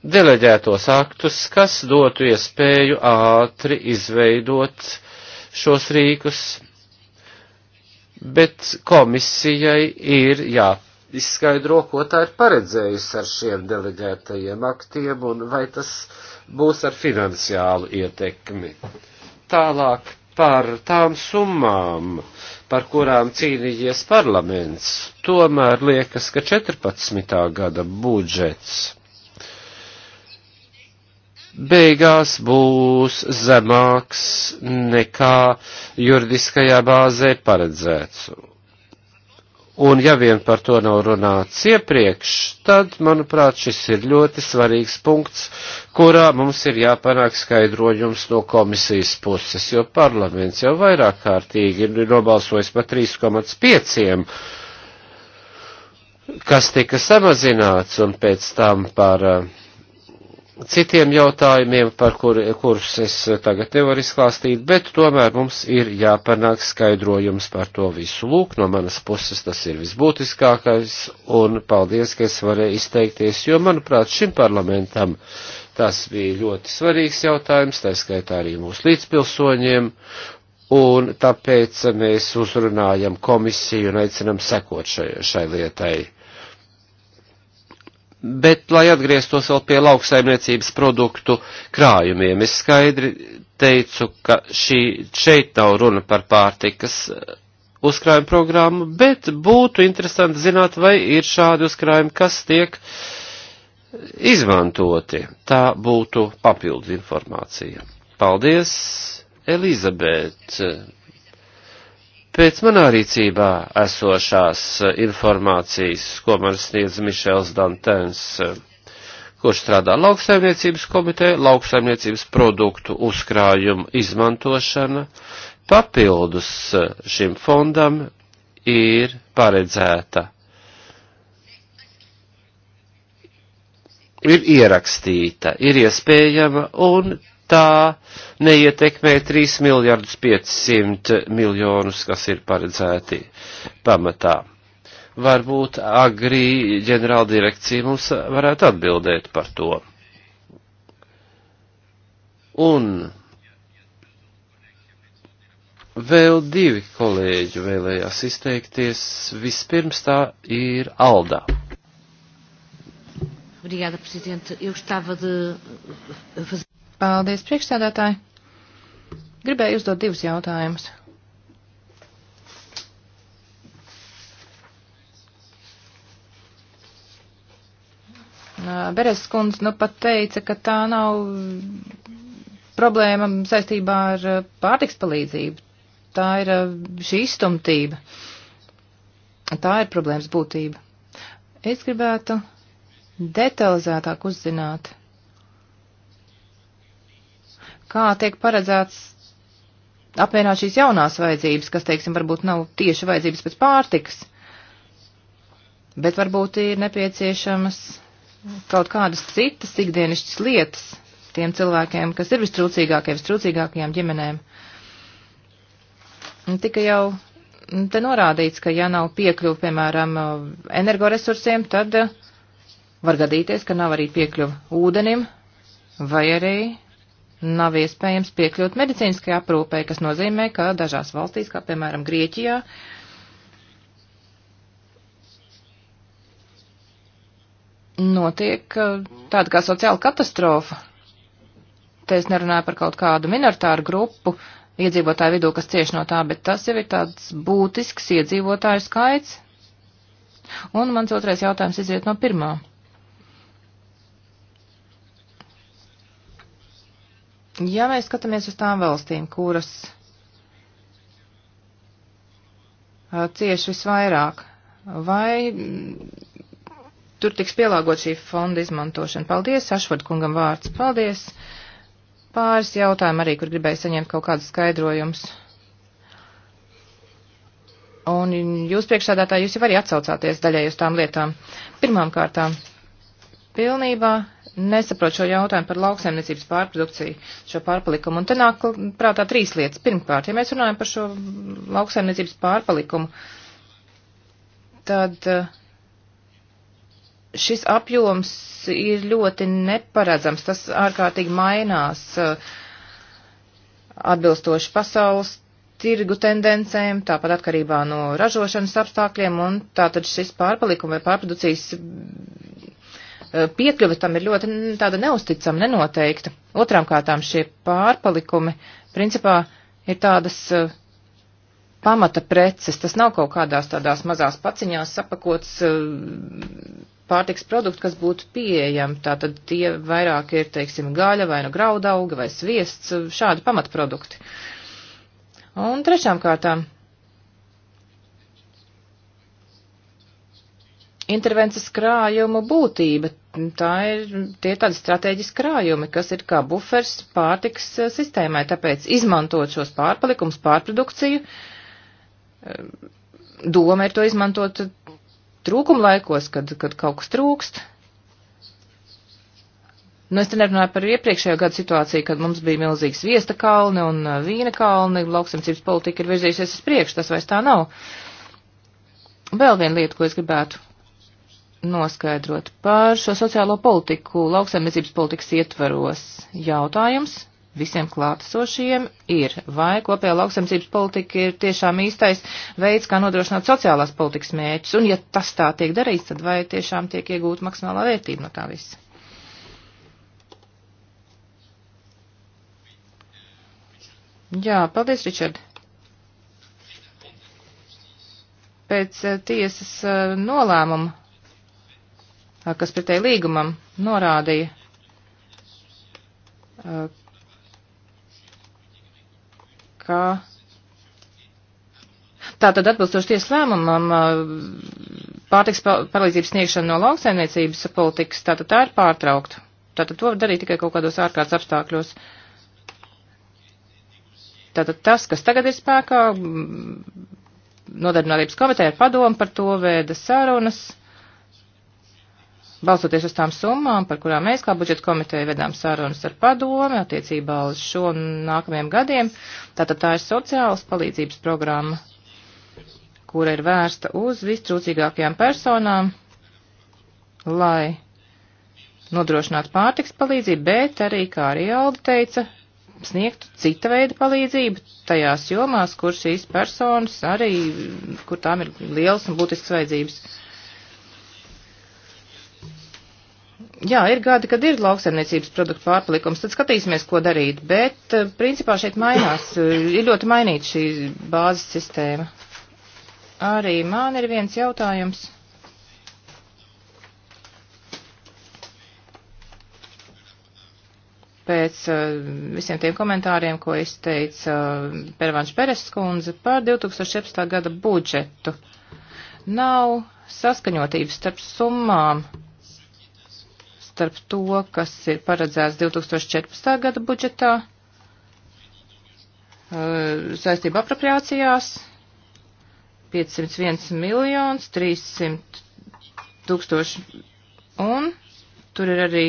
deleģētos aktus, kas dotu iespēju ātri izveidot šos rīkus, bet komisijai ir jāpārāk izskaidro, ko tā ir paredzējusi ar šiem deleģētajiem aktiem un vai tas būs ar finansiālu ietekmi. Tālāk par tām summām, par kurām cīnījies parlaments, tomēr liekas, ka 14. gada budžets beigās būs zemāks nekā juridiskajā bāzē paredzēts Un ja vien par to nav runāts iepriekš, tad, manuprāt, šis ir ļoti svarīgs punkts, kurā mums ir jāpanāk skaidrojums no komisijas puses, jo parlaments jau vairāk kārtīgi ir nobalsojis par 3,5 kas tika samazināts un pēc tam par uh, citiem jautājumiem, par kur, kurus es tagad nevaru izklāstīt, bet tomēr mums ir jāpanāk skaidrojums par to visu. Lūk, no manas puses tas ir visbūtiskākais, un paldies, ka es varēju izteikties, jo, manuprāt, šim parlamentam tas bija ļoti svarīgs jautājums, tā skaitā arī mūsu līdzpilsoņiem, un tāpēc mēs uzrunājam komisiju un aicinam sekot šai, šai lietai. Bet, lai atgrieztos vēl pie lauksaimniecības produktu krājumiem, es skaidri teicu, ka šī, šeit nav runa par pārtikas eh, uzkrājuma programmu, bet būtu interesanti zināt, vai ir šādi uzkrājumi, kas tiek izmantoti. Tā būtu papildu informācija. Paldies, Elizabete! Pēc manā rīcībā esošās informācijas, ko man sniedz Mišels Dantens, kurš strādā lauksaimniecības komiteja, lauksaimniecības produktu uzkrājumu izmantošana, papildus šim fondam ir paredzēta. Ir ierakstīta, ir iespējama un tā neietekmē 3 miljardus 500 miljonus, kas ir paredzēti pamatā. Varbūt agrī ģenerāldirekcija mums varētu atbildēt par to. Un vēl divi kolēģi vēlējās izteikties. Vispirms tā ir Alda. Obrigada, Presidente. Eu gostava de fazer. Paldies, priekšstādātāji. Gribēju uzdot divus jautājumus. Beres kundze nu pat teica, ka tā nav problēma saistībā ar pārtiks palīdzību. Tā ir šī izstumtība. Tā ir problēmas būtība. Es gribētu detalizētāk uzzināt kā tiek paredzēts apvienot šīs jaunās vajadzības, kas, teiksim, varbūt nav tieši vajadzības pēc pārtikas, bet varbūt ir nepieciešamas kaut kādas citas ikdienišķas lietas tiem cilvēkiem, kas ir vistrūcīgākie, vistrūcīgākajām ģimenēm. Tika jau te norādīts, ka ja nav piekļuva, piemēram, energoresursiem, tad var gadīties, ka nav arī piekļuva ūdenim, vai arī nav iespējams piekļūt medicīniskai aprūpei, kas nozīmē, ka dažās valstīs, kā piemēram Grieķijā, notiek uh, tāda kā sociāla katastrofa. Te es nerunāju par kaut kādu minoritāru grupu iedzīvotāju vidū, kas cieši no tā, bet tas jau ir tāds būtisks iedzīvotāju skaits. Un mans otrais jautājums iziet no pirmā. Ja mēs skatāmies uz tām valstīm, kuras cieši visvairāk, vai tur tiks pielāgot šī fonda izmantošana? Paldies, Ašvard kungam vārds. Paldies. Pāris jautājumu arī, kur gribēju saņemt kaut kādus skaidrojumus. Un jūs priekšsādātāji, jūs jau arī atsaucāties daļai uz tām lietām. Pirmām kārtām, pilnībā nesaprot šo jautājumu par lauksaimniecības pārprodukciju, šo pārpalikumu. Un te nāk prātā trīs lietas. Pirmkārt, ja mēs runājam par šo lauksaimniecības pārpalikumu, tad eh, šis apjoms ir ļoti neparedzams. Tas ārkārtīgi mainās eh, atbilstoši pasaules tirgu tendencēm, tāpat atkarībā no ražošanas apstākļiem, un tātad šis pārpalikuma vai pārproducijas Eh, piekļuve tam ir ļoti tāda neusticama, nenoteikta. Otrām kārtām šie pārpalikumi, principā, ir tādas eh, pamata preces. Tas nav kaut kādās tādās mazās paciņās sapakots eh, pārtiks produktu, kas būtu pieejami. Tātad tie vairāk ir, teiksim, gaļa vai nu no graudauga vai sviests, šādi pamatprodukti. Un trešām kārtām intervences krājuma būtība tā ir, tie ir tādi strateģiski krājumi, kas ir kā bufers pārtiks eh, sistēmai, tāpēc izmantot šos pārpalikums, pārprodukciju, eh, doma ir to izmantot trūkuma laikos, kad, kad kaut kas trūkst. Nu, es te nerunāju par iepriekšējo gadu situāciju, kad mums bija milzīgs viesta kalni un eh, vīna kalni, lauksamcības politika ir virzījusies uz priekšu, tas vairs tā nav. Vēl viena lieta, ko es gribētu noskaidrot par šo sociālo politiku lauksaimniecības politikas ietvaros. Jautājums visiem klātesošiem ir, vai kopējā lauksaimniecības politika ir tiešām īstais veids, kā nodrošināt sociālās politikas mērķus, un ja tas tā tiek darīts, tad vai tiešām tiek iegūta maksimālā vērtība no tā visa? Jā, paldies, Ričard. Pēc eh, tiesas eh, nolēmuma kas pretēji līgumam norādīja, ka tātad atbilstoši tiesas lēmumam pārtiks palīdzības sniegšana no lauksaimniecības politikas, tātad tā ir pārtraukta. Tātad to var darīt tikai kaut kādos ārkārtas apstākļos. Tātad tas, kas tagad ir spēkā, nodarbinātības komiteja ar padomu par to vēda sarunas balstoties uz tām summām, par kurām mēs kā budžeta komiteja vedām sarunas ar padomi attiecībā uz šo nākamajiem gadiem. Tātad tā ir sociālas palīdzības programma, kura ir vērsta uz vistrūcīgākajām personām, lai nodrošinātu pārtiks palīdzību, bet arī, kā arī Aldi teica, sniegtu cita veida palīdzību tajās jomās, kur šīs personas arī, kur tām ir liels un būtisks vajadzības. Jā, ir gadi, kad ir lauksaimniecības produktu pārpalikums, tad skatīsimies, ko darīt, bet eh, principā šeit mainās, eh, ir ļoti mainīta šī bāzes sistēma. Arī man ir viens jautājums. Pēc uh, visiem tiem komentāriem, ko izteica uh, Pervanš Pereskundze par 2017. gada budžetu, nav saskaņotības starp summām. Uh, starp to, kas ir paredzēts 2014. gada budžetā eh, saistība apropriācijās 501 miljons 300 tūkstoši un tur ir arī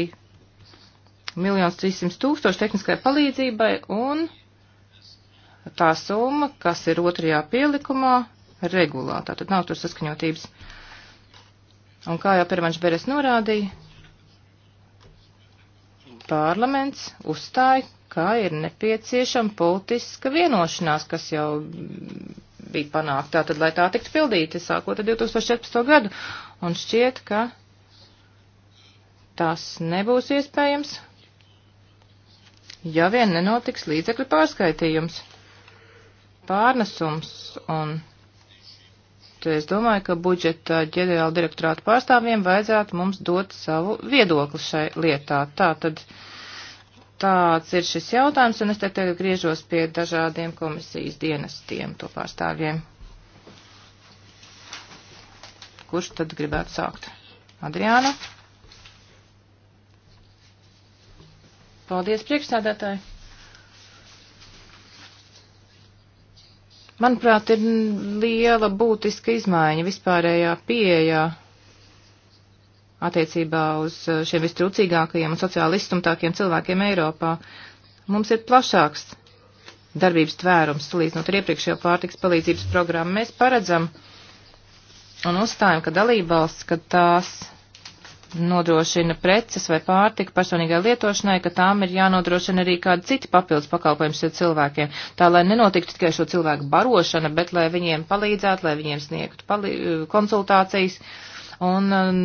miljons 300 tūkstoši tehniskai palīdzībai un tā summa, kas ir otrajā pielikumā, regulā. Tātad nav tur saskaņotības. Un kā jau pirmais Beres norādīja, parlaments uzstāja, ka ir nepieciešama politiska vienošanās, kas jau bija panākta, tad, lai tā tiktu pildīta, sākot ar 2014. gadu, un šķiet, ka tas nebūs iespējams, ja vien nenotiks līdzekļu pārskaitījums, pārnesums un budžetu. Es domāju, ka budžeta ģenerāla direktorāta pārstāvjiem vajadzētu mums dot savu viedokli šai lietā. Tā tad tāds ir šis jautājums, un es te tagad griežos pie dažādiem komisijas dienestiem, to pārstāvjiem. Kurš tad gribētu sākt? Adriāna? Paldies, priekšsādātāji! Manuprāt, ir liela būtiska izmaiņa vispārējā pieejā attiecībā uz uh, šiem vistrūcīgākajiem un sociāli izstumtākiem cilvēkiem Eiropā. Mums ir plašāks darbības tvērums salīdzinot ar iepriekšējo pārtiks palīdzības programmu. Mēs paredzam un uzstājam, ka dalībvalsts, kad tās nodrošina preces vai pārtika personīgai lietošanai, ka tām ir jānodrošina arī kādi citi papildus pakalpojumi šiem cilvēkiem. Tā, lai nenotiktu tikai šo cilvēku barošana, bet lai viņiem palīdzētu, lai viņiem sniegtu konsultācijas un um,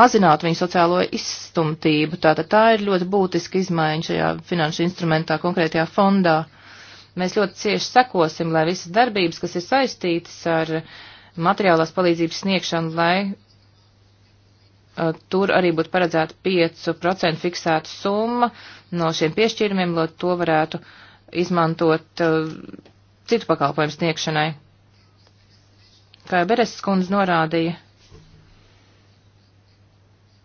mazinātu viņu sociālo izstumtību. Tātad tā ir ļoti būtiska izmaiņa šajā finanšu instrumentā, konkrētajā fondā. Mēs ļoti cieši sekosim, lai visas darbības, kas ir saistītas ar materiālās palīdzības sniegšanu, lai Uh, tur arī būtu paredzēta 5% fiksēta summa no šiem piešķīrumiem, lai to varētu izmantot uh, citu pakalpojumu sniegšanai. Kā Beres skundze norādīja,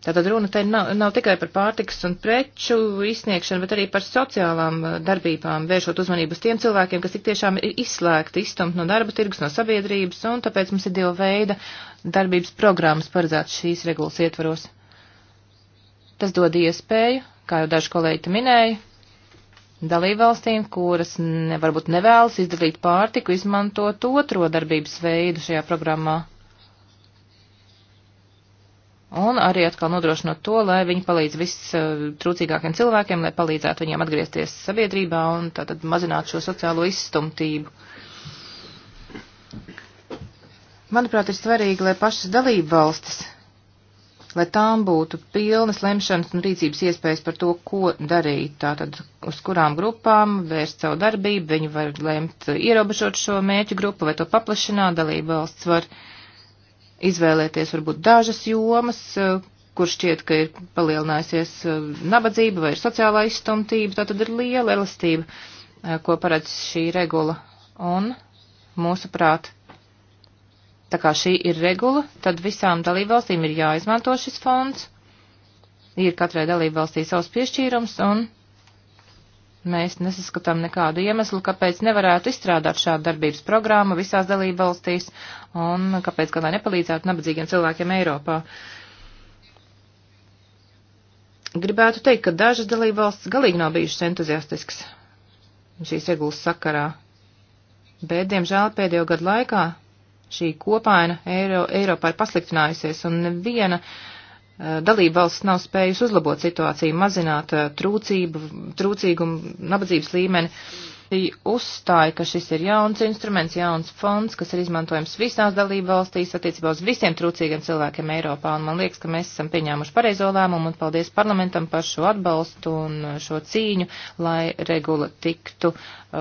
Tātad runa te nav, nav tikai par pārtikas un preču izsniegšanu, bet arī par sociālām eh, darbībām, vēršot uzmanību uz tiem cilvēkiem, kas tik tiešām ir izslēgti, izstumt no darba tirgus, no sabiedrības, un tāpēc mums ir divi veida darbības programmas paredzētas šīs regulas ietvaros. Tas dod iespēju, kā jau daži kolēģi te minēja, dalībvalstīm, kuras ne, varbūt nevēlas izdalīt pārtiku, izmantot otro darbības veidu šajā programmā. Un arī atkal nodrošinot to, lai viņi palīdz vistrūcīgākiem eh, cilvēkiem, lai palīdzētu viņiem atgriezties sabiedrībā un tātad mazināt šo sociālo izstumtību. Manuprāt, ir svarīgi, lai pašas dalību valstis, lai tām būtu pilnas lemšanas un rīcības iespējas par to, ko darīt, tātad uz kurām grupām vērst savu darbību, viņi var lemt ierobežot šo mēķu grupu vai to paplašināt, dalību valsts var. Uh, izvēlēties varbūt dažas jomas, e, kur šķiet, ka ir palielinājusies e, nabadzība vai ir sociālā izstumtība, tā tad ir liela elastība, e, ko paredz šī regula. Un, mūsuprāt, tā kā šī ir regula, tad visām dalībvalstīm ir jāizmanto šis fonds, ir katrai dalībvalstī savs piešķīrums, un Mēs nesaskatām nekādu iemeslu, kāpēc nevarētu izstrādāt šādu darbības programmu visās dalībvalstīs un kāpēc kādā nepalīdzētu nabadzīgiem cilvēkiem Eiropā. Gribētu teikt, ka dažas dalībvalstis galīgi nav bijušas entuziastiskas šīs regulas sakarā, bet, diemžēl, pēdējo gadu laikā šī kopaina Eiro, Eiropā ir pasliktinājusies un neviena uh, Eh, dalība valsts nav spējusi uzlabot situāciju, mazināt eh, trūcību, trūcīgumu, nabadzības līmeni. Uzstāja, ka šis ir jauns instruments, jauns fonds, kas ir izmantojams visās dalība valstīs attiecībā uz visiem trūcīgiem cilvēkiem Eiropā. Un man liekas, ka mēs esam pieņēmuši pareizo lēmumu un paldies parlamentam par šo atbalstu un eh, šo cīņu, lai regula tiktu uh,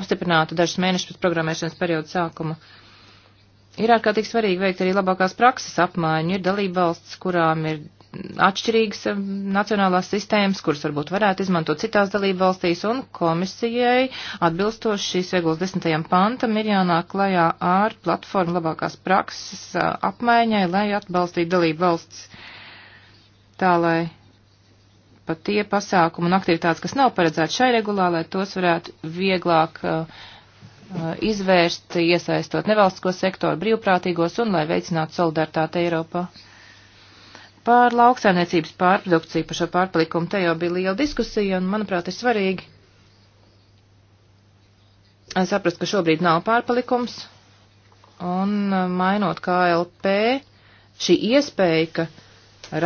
apstiprināta dažus mēnešus pēc programmēšanas perioda sākuma. Uh, Ir ārkārtīgi svarīgi veikt arī labākās prakses apmaiņu. Ir dalība valsts, kurām ir atšķirīgas eh, nacionālās sistēmas, kuras varbūt varētu izmantot citās dalību valstīs, un komisijai atbilstoši šīs regulas desmitajam pantam ir jānāk klajā ar platformu labākās prakses eh, apmaiņai, lai atbalstītu dalību valsts tā, lai pat tie pasākumi un aktivitātes, kas nav paredzēti šai regulā, lai tos varētu vieglāk uh, Uh, izvērst, iesaistot nevalstisko sektoru, brīvprātīgos un lai veicinātu solidaritāti Eiropā. Pār lauksaimniecības pārprodukciju par šo pārpalikumu te jau bija liela diskusija un, manuprāt, ir svarīgi uh, saprast, ka šobrīd nav pārpalikums un uh, mainot KLP šī iespēja, ka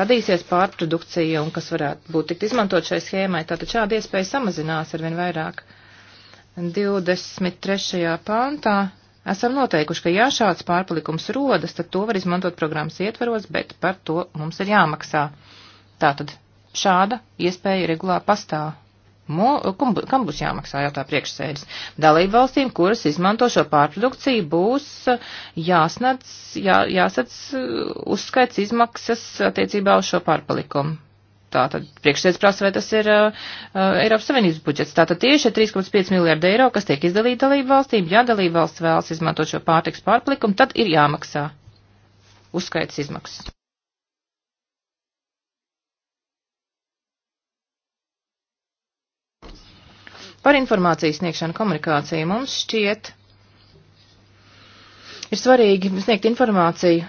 radīsies pārprodukcija un kas varētu būt tikt izmantot šai schēmai, tātad šāda iespēja samazinās arvien vairāk. Uh, 23. pāntā esam noteikuši, ka ja šāds pārpalikums rodas, tad to var izmantot programmas ietveros, bet par to mums ir jāmaksā. Tātad šāda iespēja regulā pastāv. Mo, kum, kam būs jāmaksā jautā priekšsēdis? Dalību valstīm, kuras izmanto šo pārprodukciju, būs uh, jāsnats, jā, jāsats uh, uzskaits izmaksas attiecībā uz šo pārpalikumu. Tātad priekšsēdz prasa, vai tas ir uh, uh, Eiropas Savienības budžets. Tātad tieši 3,5 miljārdi eiro, kas tiek izdalīta dalību valstīm, ja dalību valsts vēlas izmantot šo pārtiks pārplikumu, tad ir jāmaksā uzskaits izmaksas. Par informācijas sniegšanu komunikāciju mums šķiet ir svarīgi sniegt informāciju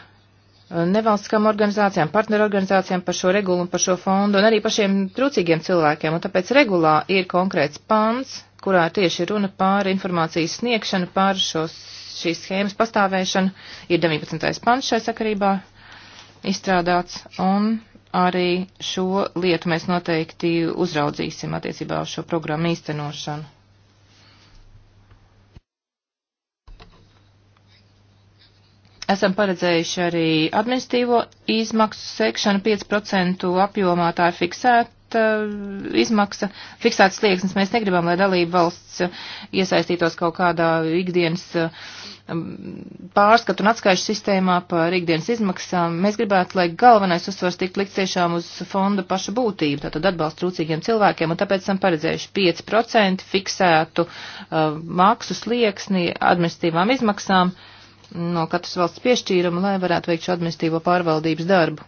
nevalstiskām organizācijām, partnerorganizācijām par šo regulu un par šo fondu un arī pašiem trūcīgiem cilvēkiem. Un tāpēc regulā ir konkrēts pants, kurā tieši runa pār informācijas sniegšanu, pār šos, šīs schēmas pastāvēšanu. Ir 19. pants šai sakarībā izstrādāts un arī šo lietu mēs noteikti uzraudzīsim attiecībā uz šo programmu īstenošanu. Esam paredzējuši arī administīvo izmaksu sekšanu 5% apjomā, tā ir fiksēta uh, izmaksa, fiksēts slieksnis. Mēs negribam, lai dalība valsts uh, iesaistītos kaut kādā ikdienas uh, um, pārskatu un atskaišu sistēmā par ikdienas izmaksām. Mēs gribētu, lai galvenais uzsvars tiktu likt tiešām uz fonda paša būtību, tātad atbalstu trūcīgiem cilvēkiem, un tāpēc esam paredzējuši 5% fiksētu uh, maksu slieksni administīvām izmaksām. Uh, no katras valsts piešķīruma, lai varētu veikt šo administīvo pārvaldības darbu.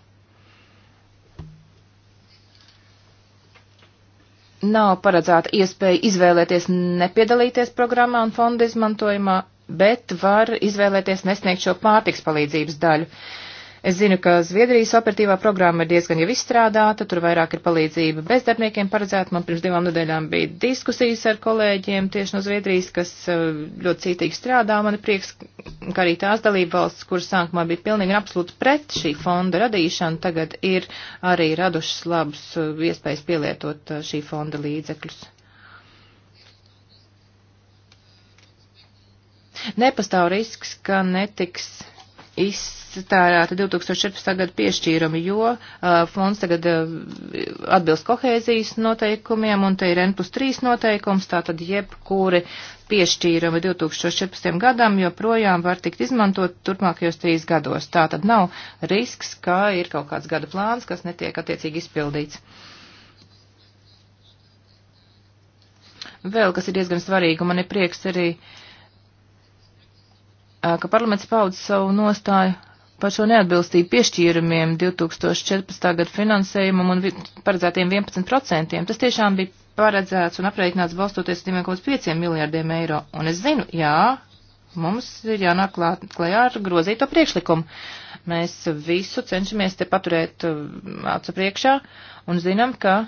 Nav paredzēta iespēja izvēlēties nepiedalīties programmā un fonda izmantojumā, bet var izvēlēties nesniegt šo pārtiks palīdzības daļu. Uh, Es zinu, ka Zviedrijas operatīvā programma ir diezgan jau izstrādāta, tur vairāk ir palīdzība bezdarbniekiem paredzēta. Man pirms divām nedēļām bija diskusijas ar kolēģiem tieši no Zviedrijas, kas uh, ļoti cītīgi strādā. Man ir prieks, ka arī tās dalība valsts, kuras sākumā bija pilnīgi absolūti pret šī fonda radīšanu, tagad ir arī radušas labus uh, iespējas pielietot uh, šī fonda līdzekļus. Nepastāv risks, ka netiks iztērēta 2014. gada piešķīrumi, jo uh, fonds tagad uh, atbilst kohēzijas noteikumiem, un te ir N plus 3 noteikums, tātad jebkuri piešķīrumi 2014. gadam joprojām var tikt izmantot turpmākajos trīs gados. Tātad nav risks, ka ir kaut kāds gada plāns, kas netiek attiecīgi izpildīts. Vēl, kas ir diezgan svarīgi, un man ir prieks arī uh, ka parlaments paudz savu nostāju par šo neatbilstību piešķīrumiem 2014. gada finansējumam un paredzētiem 11%. Tas tiešām bija paredzēts un aprēķināts balstoties 2,5 miljārdiem eiro. Un es zinu, jā, mums ir jānāk klajā ar grozīto priekšlikumu. Mēs visu cenšamies te paturēt acu priekšā un zinām, ka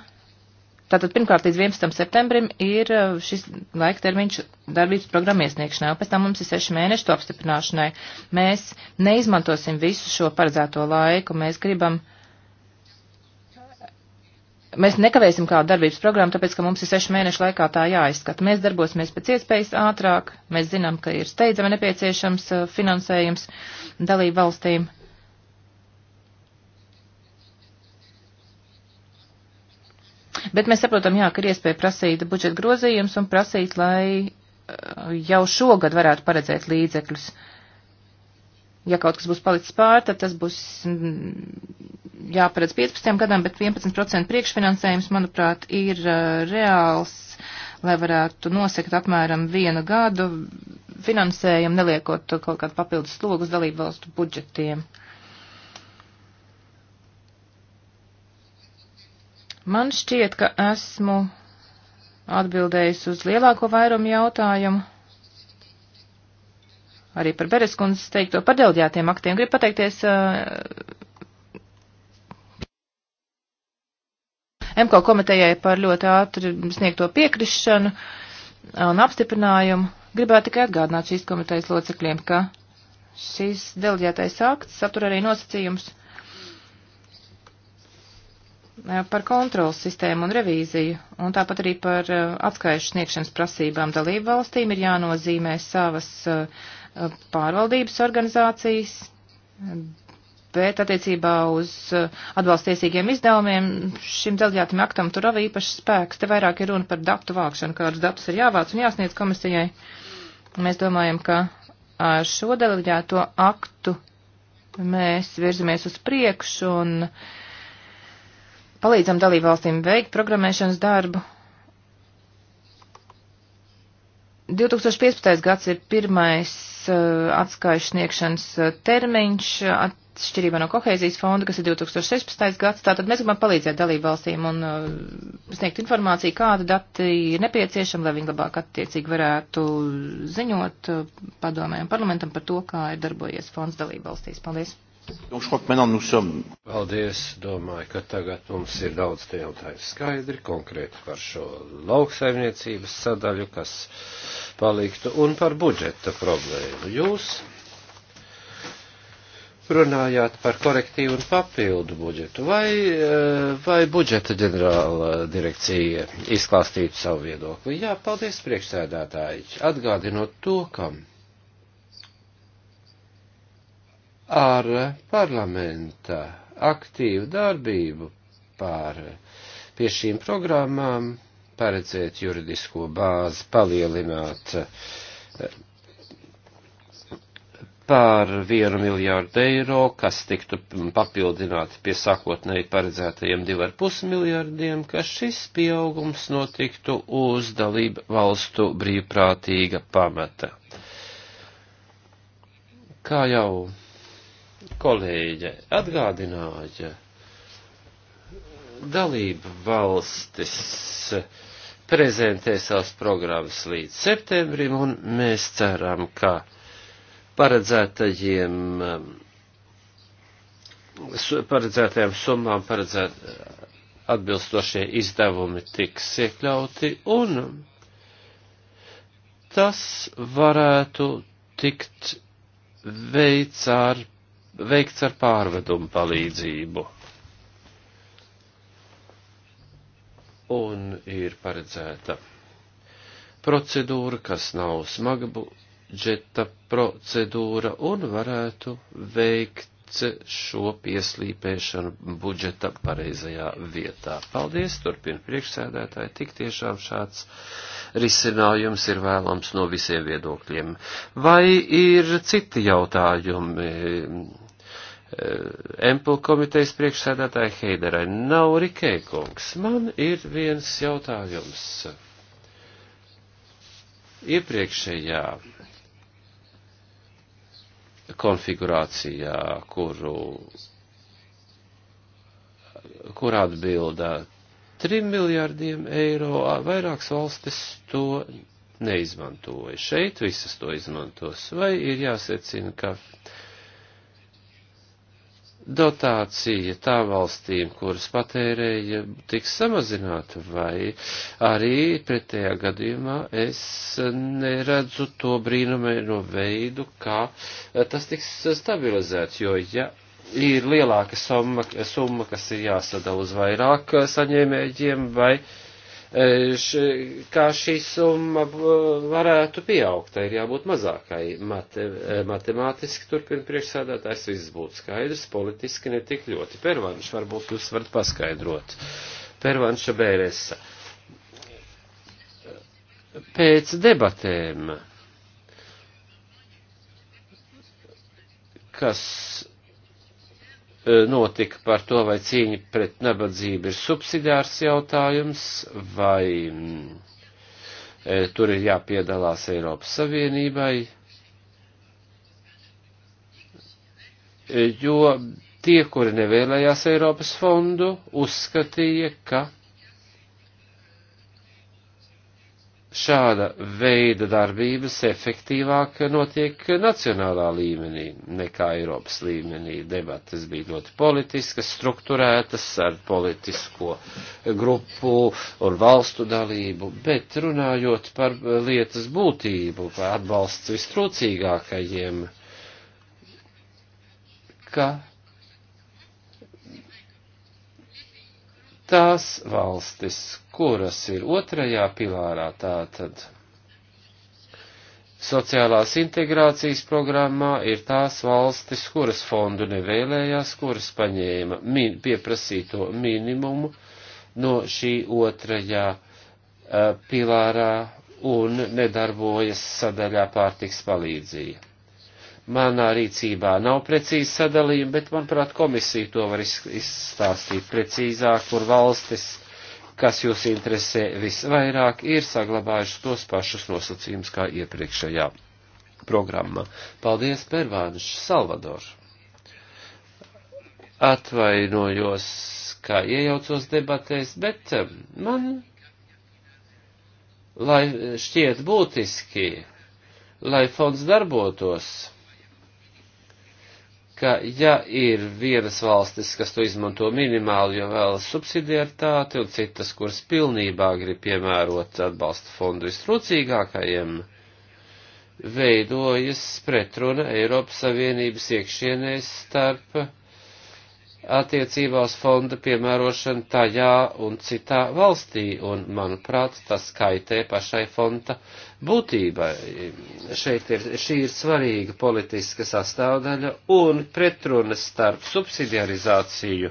Tātad pirmkārt līdz 11. septembrim ir uh, šis laika termiņš darbības programma iesniegšanai, un pēc tam mums ir seši mēneši to apstiprināšanai. Mēs neizmantosim visu šo paredzēto laiku, mēs gribam. Mēs nekavēsim kādu darbības programmu, tāpēc, ka mums ir seši mēneši laikā tā jāizskata. Mēs darbosimies pēc iespējas ātrāk, mēs zinām, ka ir steidzami nepieciešams uh, finansējums dalību valstīm. Bet mēs saprotam, jā, ka ir iespēja prasīt budžeta grozījums un prasīt, lai uh, jau šogad varētu paredzēt līdzekļus. Ja kaut kas būs palicis pār, tad tas būs mm, jāparedz 15 gadam, bet 11% priekšfinansējums, manuprāt, ir uh, reāls, lai varētu nosekt apmēram vienu gadu finansējumu, neliekot kaut kādu papildus slogus dalību valstu budžetiem. Uh, Man šķiet, ka esmu atbildējis uz lielāko vairumu jautājumu. Arī par Bereskundas teikto par delģētiem aktiem. Gribu pateikties uh, eh, MKO komitejai par ļoti ātri sniegto piekrišanu un apstiprinājumu. Gribētu tikai atgādināt šīs komitejas locekļiem, ka šīs delģētais akts satur arī nosacījums Eh, par kontrolas sistēmu un revīziju, un tāpat arī par eh, atskaišu sniegšanas prasībām dalību valstīm ir jānozīmē savas eh, pārvaldības organizācijas, bet attiecībā uz atbalstiesīgiem izdevumiem šim delģētam aktam tur nav īpašs spēks. Te vairāk ir runa par datu vākšanu, kādus datus ir jāvāc un jāsniedz komisijai. Mēs domājam, ka ar šo delģēto aktu mēs virzamies uz priekšu un uh, palīdzam dalībvalstīm veikt programmēšanas darbu. 2015. gads ir pirmais uh, atskaišu sniegšanas uh, termiņš uh, atšķirībā no kohēzijas fonda, kas ir 2016. gads. Tātad mēs gribam palīdzēt dalībvalstīm un uh, sniegt informāciju, kāda dati ir nepieciešama, lai viņi labāk attiecīgi varētu ziņot uh, padomēm parlamentam par to, kā ir darbojies fonds dalībvalstīs. Paldies! Paldies, domāju, ka tagad mums ir daudz tie jautājumi skaidri, konkrēti par šo lauksaimniecības sadaļu, kas paliktu, un par budžeta problēmu. Jūs runājāt par korektīvu un papildu budžetu, vai, eh, vai budžeta ģenerāla direkcija izklāstītu savu viedokli? Jā, paldies priekšsēdētāji, atgādinot to, kam ar parlamenta aktīvu darbību pār pie šīm programmām, paredzēt juridisko bāzi, palielināt par vienu miljārdu eiro, kas tiktu papildināti pie sākotnēji paredzētajiem 2,5 miljārdiem, ka šis pieaugums notiktu uz dalību valstu brīvprātīga pamata. Kā jau kolēģe atgādināja dalību valstis prezentē savas programmas līdz septembrim, un mēs ceram, ka paredzētajiem, paredzētajām summām paredzēt atbilstošie izdevumi tiks iekļauti, un tas varētu tikt veids ar veikts ar pārvedumu palīdzību. Un ir paredzēta procedūra, kas nav smaga budžeta procedūra un varētu veikt šo pieslīpēšanu budžeta pareizajā vietā. Paldies, turpina priekšsēdētāji, tik tiešām šāds risinājums ir vēlams no visiem viedokļiem. Vai ir citi jautājumi? Eh, Empul komitejas priekšsēdētāja Heiderai. Nav Rikēkungs. Man ir viens jautājums. Iepriekšējā konfigurācijā, kuru, kur atbildā 3 miljārdiem eiro, vairākas valstis to neizmantoja. Šeit visas to izmantos. Vai ir jāsecina, ka dotācija tā valstīm, kuras patērēja, tiks samazināta, vai arī pretējā gadījumā es neredzu to brīnumaino veidu, kā tas tiks stabilizēts, jo ja ir lielāka summa, summa kas ir jāsadala uz vairāk saņēmējiem, vai E, š, kā šī summa e, varētu pieaugt, tai ir jābūt mazākai. Mate, e, matemātiski turpina priekšsēdētājs viss būtu skaidrs, politiski ne tik ļoti. Pervanš, varbūt jūs varat paskaidrot. Pervanša Bēresa. Pēc debatēm, kas E, notika par to, vai cīņa pret nabadzību ir subsidiārs jautājums, vai mm, e, tur ir jāpiedalās Eiropas Savienībai, e, jo tie, kuri nevēlējās Eiropas fondu, uzskatīja, ka šāda veida darbības efektīvāk notiek nacionālā līmenī nekā Eiropas līmenī. Debates bija ļoti politiskas, strukturētas ar politisko grupu un valstu dalību, bet runājot par lietas būtību, par atbalsts vistrūcīgākajiem, ka tās valstis, kuras ir otrajā pilārā, tātad sociālās integrācijas programmā, ir tās valstis, kuras fondu nevēlējās, kuras paņēma min, pieprasīto minimumu no šī otrajā uh, pilārā un nedarbojas sadaļā pārtiks palīdzība manā rīcībā nav precīzi sadalījumi, bet, manuprāt, komisija to var izstāstīt precīzāk, kur valstis, kas jūs interesē visvairāk, ir saglabājuši tos pašus nosacījumus kā iepriekšējā programmā. Paldies, Pervānišs Salvador! Atvainojos, kā iejaucos debatēs, bet um, man, lai šķiet būtiski, lai fonds darbotos, ka ja ir vienas valstis, kas to izmanto minimāli, jo vēlas subsidiaritāti, un citas, kuras pilnībā grib piemērot atbalsta fondu visrūcīgākajiem, veidojas pretruna Eiropas Savienības iekšienē starp attiecībās fonda piemērošanu tajā un citā valstī, un, manuprāt, tas kaitē pašai fonda Būtībā šeit ir, šī ir svarīga politiska sastāvdaļa un pretrunas starp subsidiarizāciju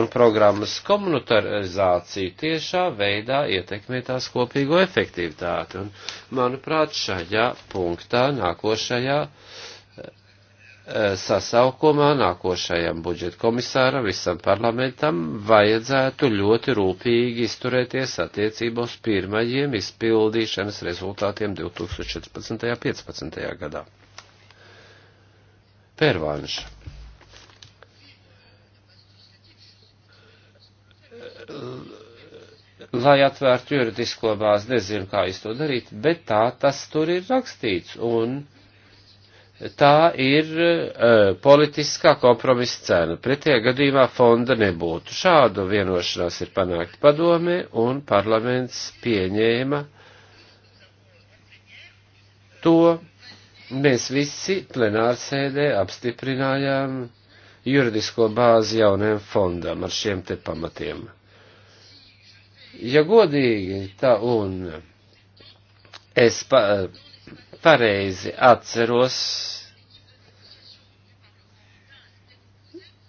un programmas komunitarizāciju tiešā veidā ietekmē tās kopīgo efektivitāti. Un, manuprāt, šajā punktā, nākošajā Eh, sasaukumā nākošajam budžeta komisāram, visam parlamentam, vajadzētu ļoti rūpīgi izturēties attiecībā uz pirmajiem izpildīšanas rezultātiem 2014. un 2015. gadā. Pērvānš. Eh, lai atvērtu juridisko bāzi, nezinu, kā es to darīt, bet tā tas tur ir rakstīts, un tā ir uh, politiskā kompromisa cena. Pretējā gadījumā fonda nebūtu. Šādu vienošanās ir panākt padome un parlaments pieņēma to. Mēs visi plenārsēdē apstiprinājām juridisko bāzi jauniem fondam ar šiem te pamatiem. Ja godīgi tā un es pa, uh, pareizi atceros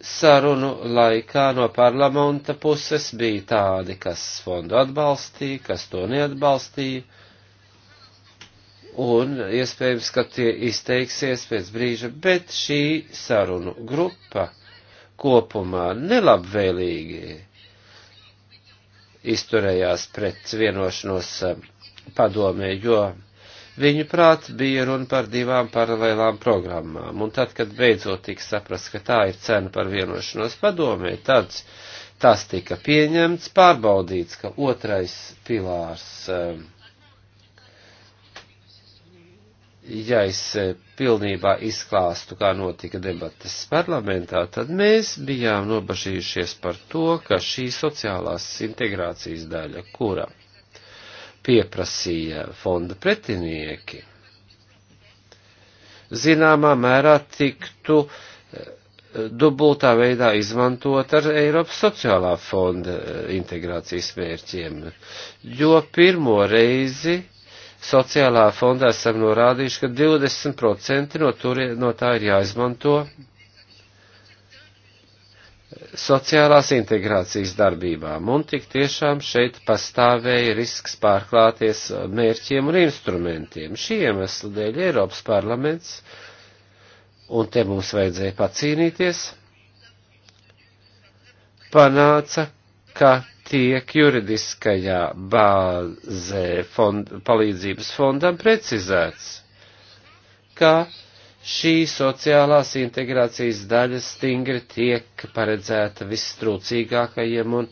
sarunu laikā no parlamenta puses bija tādi, kas fondu atbalstīja, kas to neatbalstīja, un iespējams, ka tie izteiksies pēc brīža, bet šī sarunu grupa kopumā nelabvēlīgi izturējās pret vienošanos eh, padomē, jo Viņu prāt bija runa par divām paralēlām programmām, un tad, kad beidzot tika saprast, ka tā ir cena par vienošanos padomē, tad tas tika pieņemts, pārbaudīts, ka otrais pilārs, ehm, ja es eh, pilnībā izklāstu, kā notika debatas parlamentā, tad mēs bijām nobažījušies par to, ka šī sociālās integrācijas daļa, kura pieprasīja fonda pretinieki, zināmā mērā tiktu eh, dubultā veidā izmantot ar Eiropas sociālā fonda eh, integrācijas mērķiem, jo pirmo reizi sociālā fondā esam norādījuši, ka 20% no, tur, no tā ir jāizmanto sociālās integrācijas darbībām, un tik tiešām šeit pastāvēja risks pārklāties eh, mērķiem un instrumentiem. Šī iemesla dēļ Eiropas parlaments, un te mums vajadzēja pacīnīties, panāca, ka tiek juridiskajā bāzē fond, palīdzības fondam precizēts, ka šīs sociālās integrācijas daļa stingri tiek paredzēta visstrūcīgākajiem un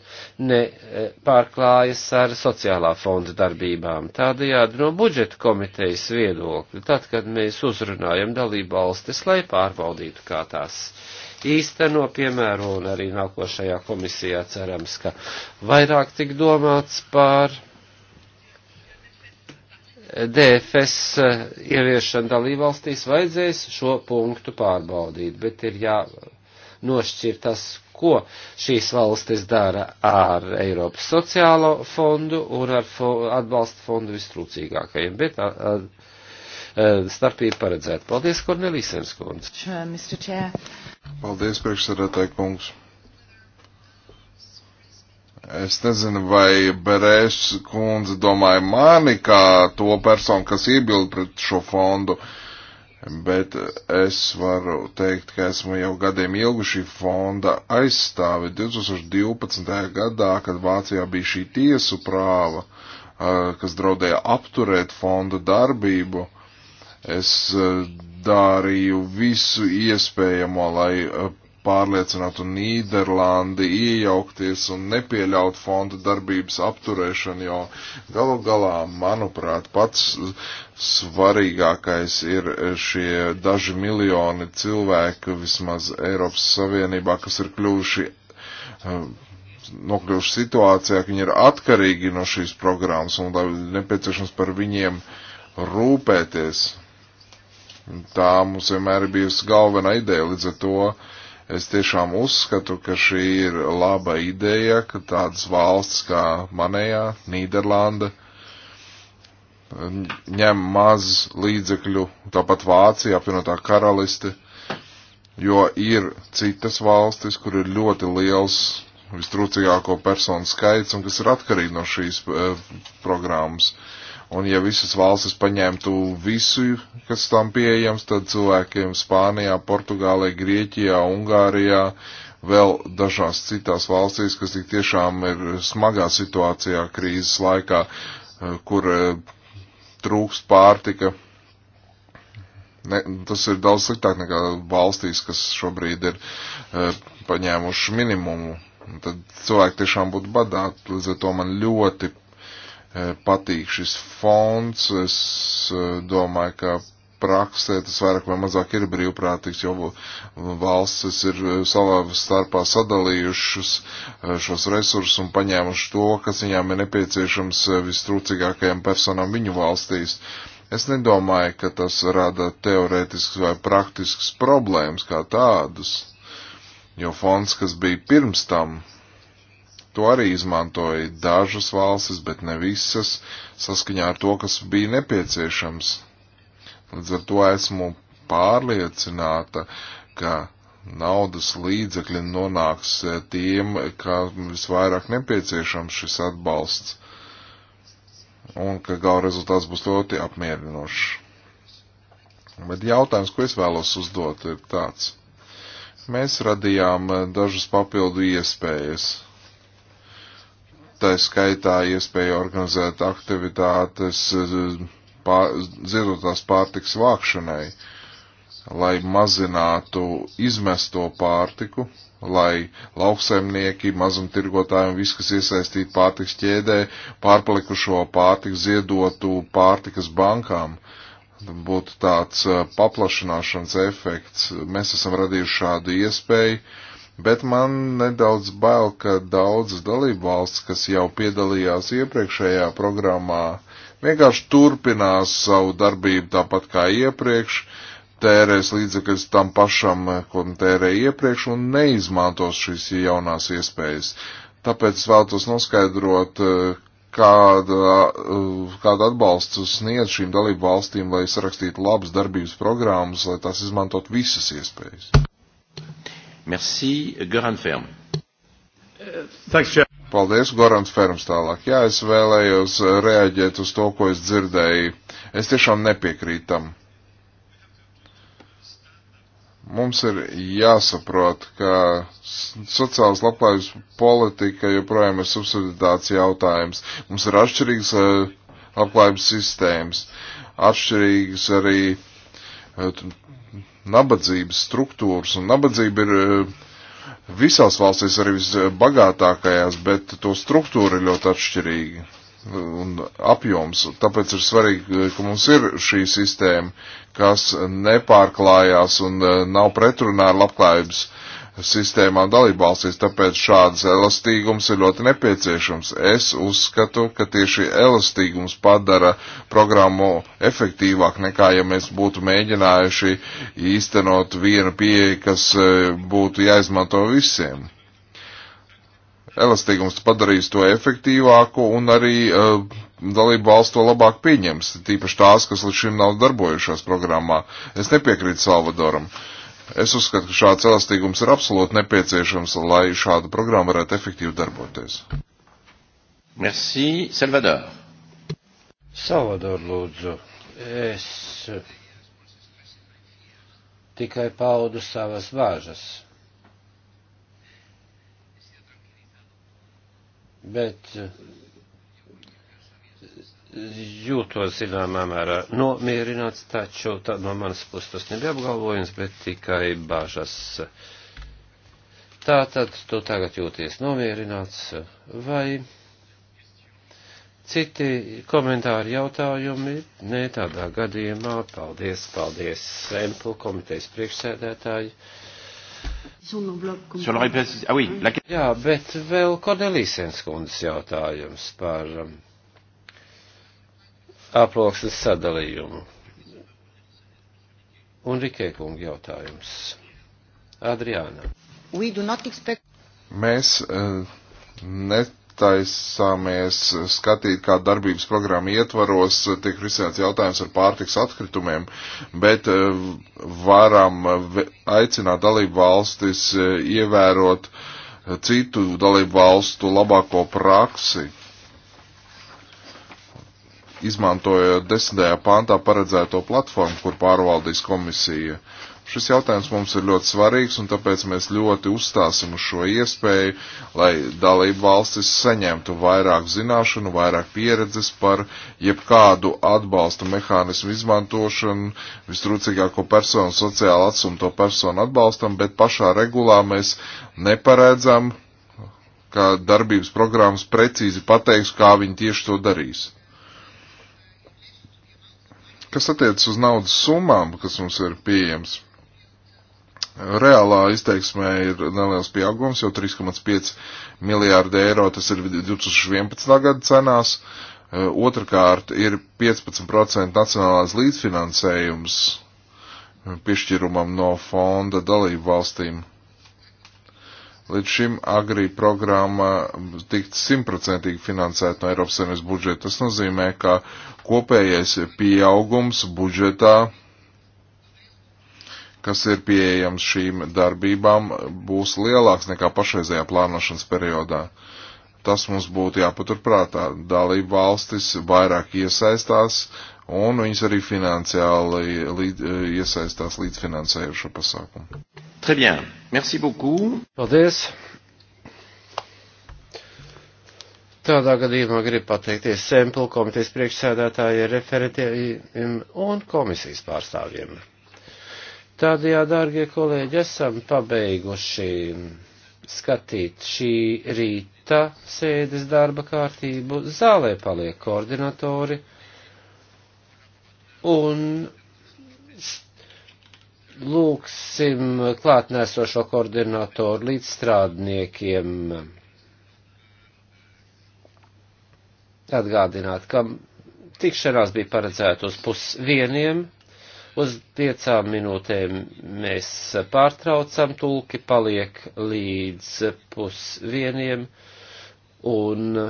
nepārklājas e, ar sociālā fonda darbībām. Tādējādi no budžeta komitejas viedokļa, tad, kad mēs uzrunājam dalību valstis, lai pārbaudītu, kā tās īsteno piemēru, un arī nākošajā komisijā cerams, ka vairāk tik domāts par DFS eh, ieviešana dalībvalstīs vajadzēs šo punktu pārbaudīt, bet ir jānošķir tas, ko šīs valstis dara ar Eiropas sociālo fondu un ar atbalsta fondu vistrūcīgākajiem, bet a, a, starpība paredzēta. Paldies, Kornelīsens kundze. Paldies, priekšsēdētāji kungs. Es nezinu, vai Berēs kundze domāja mani kā to personu, kas iebilda pret šo fondu, bet es varu teikt, ka esmu jau gadiem ilgu šī fonda aizstāvi. 2012. gadā, kad Vācijā bija šī tiesu prāva, kas draudēja apturēt fonda darbību, es darīju visu iespējamo, lai pārliecinātu Nīderlandi iejaukties un nepieļaut fonda darbības apturēšanu, jo galu galā, manuprāt, pats svarīgākais ir šie daži miljoni cilvēku vismaz Eiropas Savienībā, kas ir kļuvuši eh, nokļuvuši situācijā, ka viņi ir atkarīgi no šīs programmas un nepieciešams par viņiem rūpēties. Tā mums vienmēr ir bijusi galvenā ideja, līdz ar to Es tiešām uzskatu, ka šī ir laba ideja, ka tādas valsts kā manējā, Nīderlanda, ņem maz līdzekļu, tāpat Vācija, apvienotā karaliste, jo ir citas valstis, kur ir ļoti liels vistrūcīgāko personu skaits un kas ir atkarīgi no šīs e, programmas. Uh, Un ja visas valstis paņemtu visu, kas tam pieejams, tad cilvēkiem Spānijā, Portugālē, Grieķijā, Ungārijā, vēl dažās citās valstīs, kas tik tiešām ir smagā situācijā krīzes laikā, eh, kur eh, trūkst pārtika. Ne, tas ir daudz sliktāk nekā valstīs, kas šobrīd ir eh, paņēmuši minimumu. Tad cilvēki tiešām būtu badāti, līdz ar to man ļoti Eh, patīk šis fonds. Es eh, domāju, ka praksē tas vairāk vai mazāk ir brīvprātīgs, jo valstis ir eh, savā starpā sadalījušas šos resursus un paņēmuši to, kas viņām ir nepieciešams vistrūcīgākajām personām viņu valstīs. Es nedomāju, ka tas rada teorētisks vai praktisks problēmas kā tādus, jo fonds, kas bija pirms tam, To arī izmantoja dažas valstis, bet ne visas, saskaņā ar to, kas bija nepieciešams. Līdz ar to esmu pārliecināta, ka naudas līdzekļi nonāks eh, tiem, kam visvairāk nepieciešams šis atbalsts, un ka gala rezultāts būs ļoti apmierinošs. Bet jautājums, ko es vēlos uzdot, ir tāds. Mēs radījām eh, dažas papildu iespējas tā skaitā iespēja organizēt aktivitātes eh, pār, ziedotās pārtiks vākšanai, lai mazinātu izmesto pārtiku, lai lauksaimnieki, mazumtirgotāji un viss, kas iesaistīti pārtiks ķēdē, pārpalikušo pārtiku ziedotu pārtikas bankām. Būtu tāds eh, paplašināšanas efekts. Mēs esam radījuši šādu iespēju Bet man nedaudz bail, ka daudzas dalību valsts, kas jau piedalījās iepriekšējā programmā, vienkārši turpinās savu darbību tāpat kā iepriekš, tērēs līdzekļus tam pašam, ko tērē iepriekš, un neizmantos šīs jaunās iespējas. Tāpēc vēlētos noskaidrot, kāda, kāda atbalstu sniedz šīm dalību valstīm, lai sarakstītu labas darbības programmas, lai tās izmantot visas iespējas. Merci, Goran Ferm. Paldies, Gorans Ferms tālāk. Jā, es vēlējos reaģēt uz to, ko es dzirdēju. Es tiešām nepiekrītu tam. Mums ir jāsaprot, ka sociālas labklājības politika joprojām ir subsidiāts jautājums. Mums ir atšķirīgas eh, labklājības sistēmas, atšķirīgas arī eh, nabadzības struktūras, un nabadzība ir eh, visās valstīs arī visbagātākajās, bet to struktūra ir ļoti atšķirīga eh, un apjoms. Tāpēc ir svarīgi, eh, ka mums ir šī sistēma, kas nepārklājās un nav pretrunā ar labklājības uh, sistēmām dalībvalstīs, tāpēc šāds elastīgums ir ļoti nepieciešams. Es uzskatu, ka tieši elastīgums padara programmu efektīvāk nekā, ja mēs būtu mēģinājuši īstenot vienu pieeju, kas e, būtu jāizmanto visiem. Elastīgums padarīs to efektīvāku un arī uh, e, dalību valsts to labāk pieņems, tīpaši tās, kas līdz šim nav darbojušās programmā. Es nepiekrītu Salvadoram. Uh, Es uzskatu, ka šāds elastīgums ir absolūti nepieciešams, lai šāda programma varētu efektīvi darboties. Merci, Salvador. Salvador, lūdzu. Es tikai paudu savas bāžas. Bet jūtos zināmā mērā nomierināts, taču tā, no manas puses tas nebija apgalvojums, bet tikai bāžas. Tātad tu tagad jūties nomierināts vai citi komentāri jautājumi? Nē, tādā gadījumā paldies, paldies Emplu komitejas priekšsēdētāji. Ah Jā, bet vēl Kornelīsens kundzes jautājums par um, aploksnes sadalījumu. Un Rikē kunga jautājums. Adriāna. Expect... Mēs uh, netaisāmies skatīt, kā darbības programma ietvaros tiek risināts jautājums ar pārtiks atkritumiem, bet uh, varam aicināt dalību valstis uh, ievērot citu dalību valstu labāko praksi izmantojot desmitajā pāntā paredzēto platformu, kur pārvaldīs komisija. Šis jautājums mums ir ļoti svarīgs, un tāpēc mēs ļoti uzstāsim uz šo iespēju, lai dalību valstis saņemtu vairāk zināšanu, vairāk pieredzes par jebkādu atbalsta mehānismu izmantošanu, vistrūcīgāko personu, sociāli atsumto personu atbalstam, bet pašā regulā mēs neparedzam, ka darbības programmas precīzi pateiks, kā viņi tieši to darīs. Kas attiec uz naudas summām, kas mums ir pieejams, reālā izteiksmē ir neliels pieaugums, jau 3,5 miljārdi eiro, tas ir 2011. gada cenās. Eh, Otrakārt ir 15% nacionālās līdzfinansējums eh, piešķirumam no fonda dalību valstīm. Līdz šim agrī programma tikt simtprocentīgi finansēta no Eiropas Savienības budžeta. Tas nozīmē, ka kopējais pieaugums budžetā, kas ir pieejams šīm darbībām, būs lielāks nekā pašreizējā plānošanas periodā. Tas mums būtu jāpaturprātā. Dalība valstis vairāk iesaistās un viņas arī finansiāli līd, iesaistās līdzfinansējušo pasākumu. Très bien. Merci beaucoup. Paldies. Tādā gadījumā gribu pateikties Semplu komitejas priekšsēdētāja referentiem un komisijas pārstāvjiem. Tādējā, dārgie kolēģi, esam pabeiguši skatīt šī rīta sēdes darba kārtību. Zālē paliek koordinatori un lūksim klātnēsošo koordinatoru līdzstrādniekiem atgādināt, ka tikšanās bija paredzēta uz pusvieniem, uz piecām minūtēm mēs pārtraucam, tulki paliek līdz pusvieniem un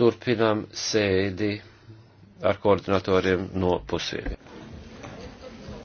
turpinām sēdi ar koordinatoriem no pusvieniem.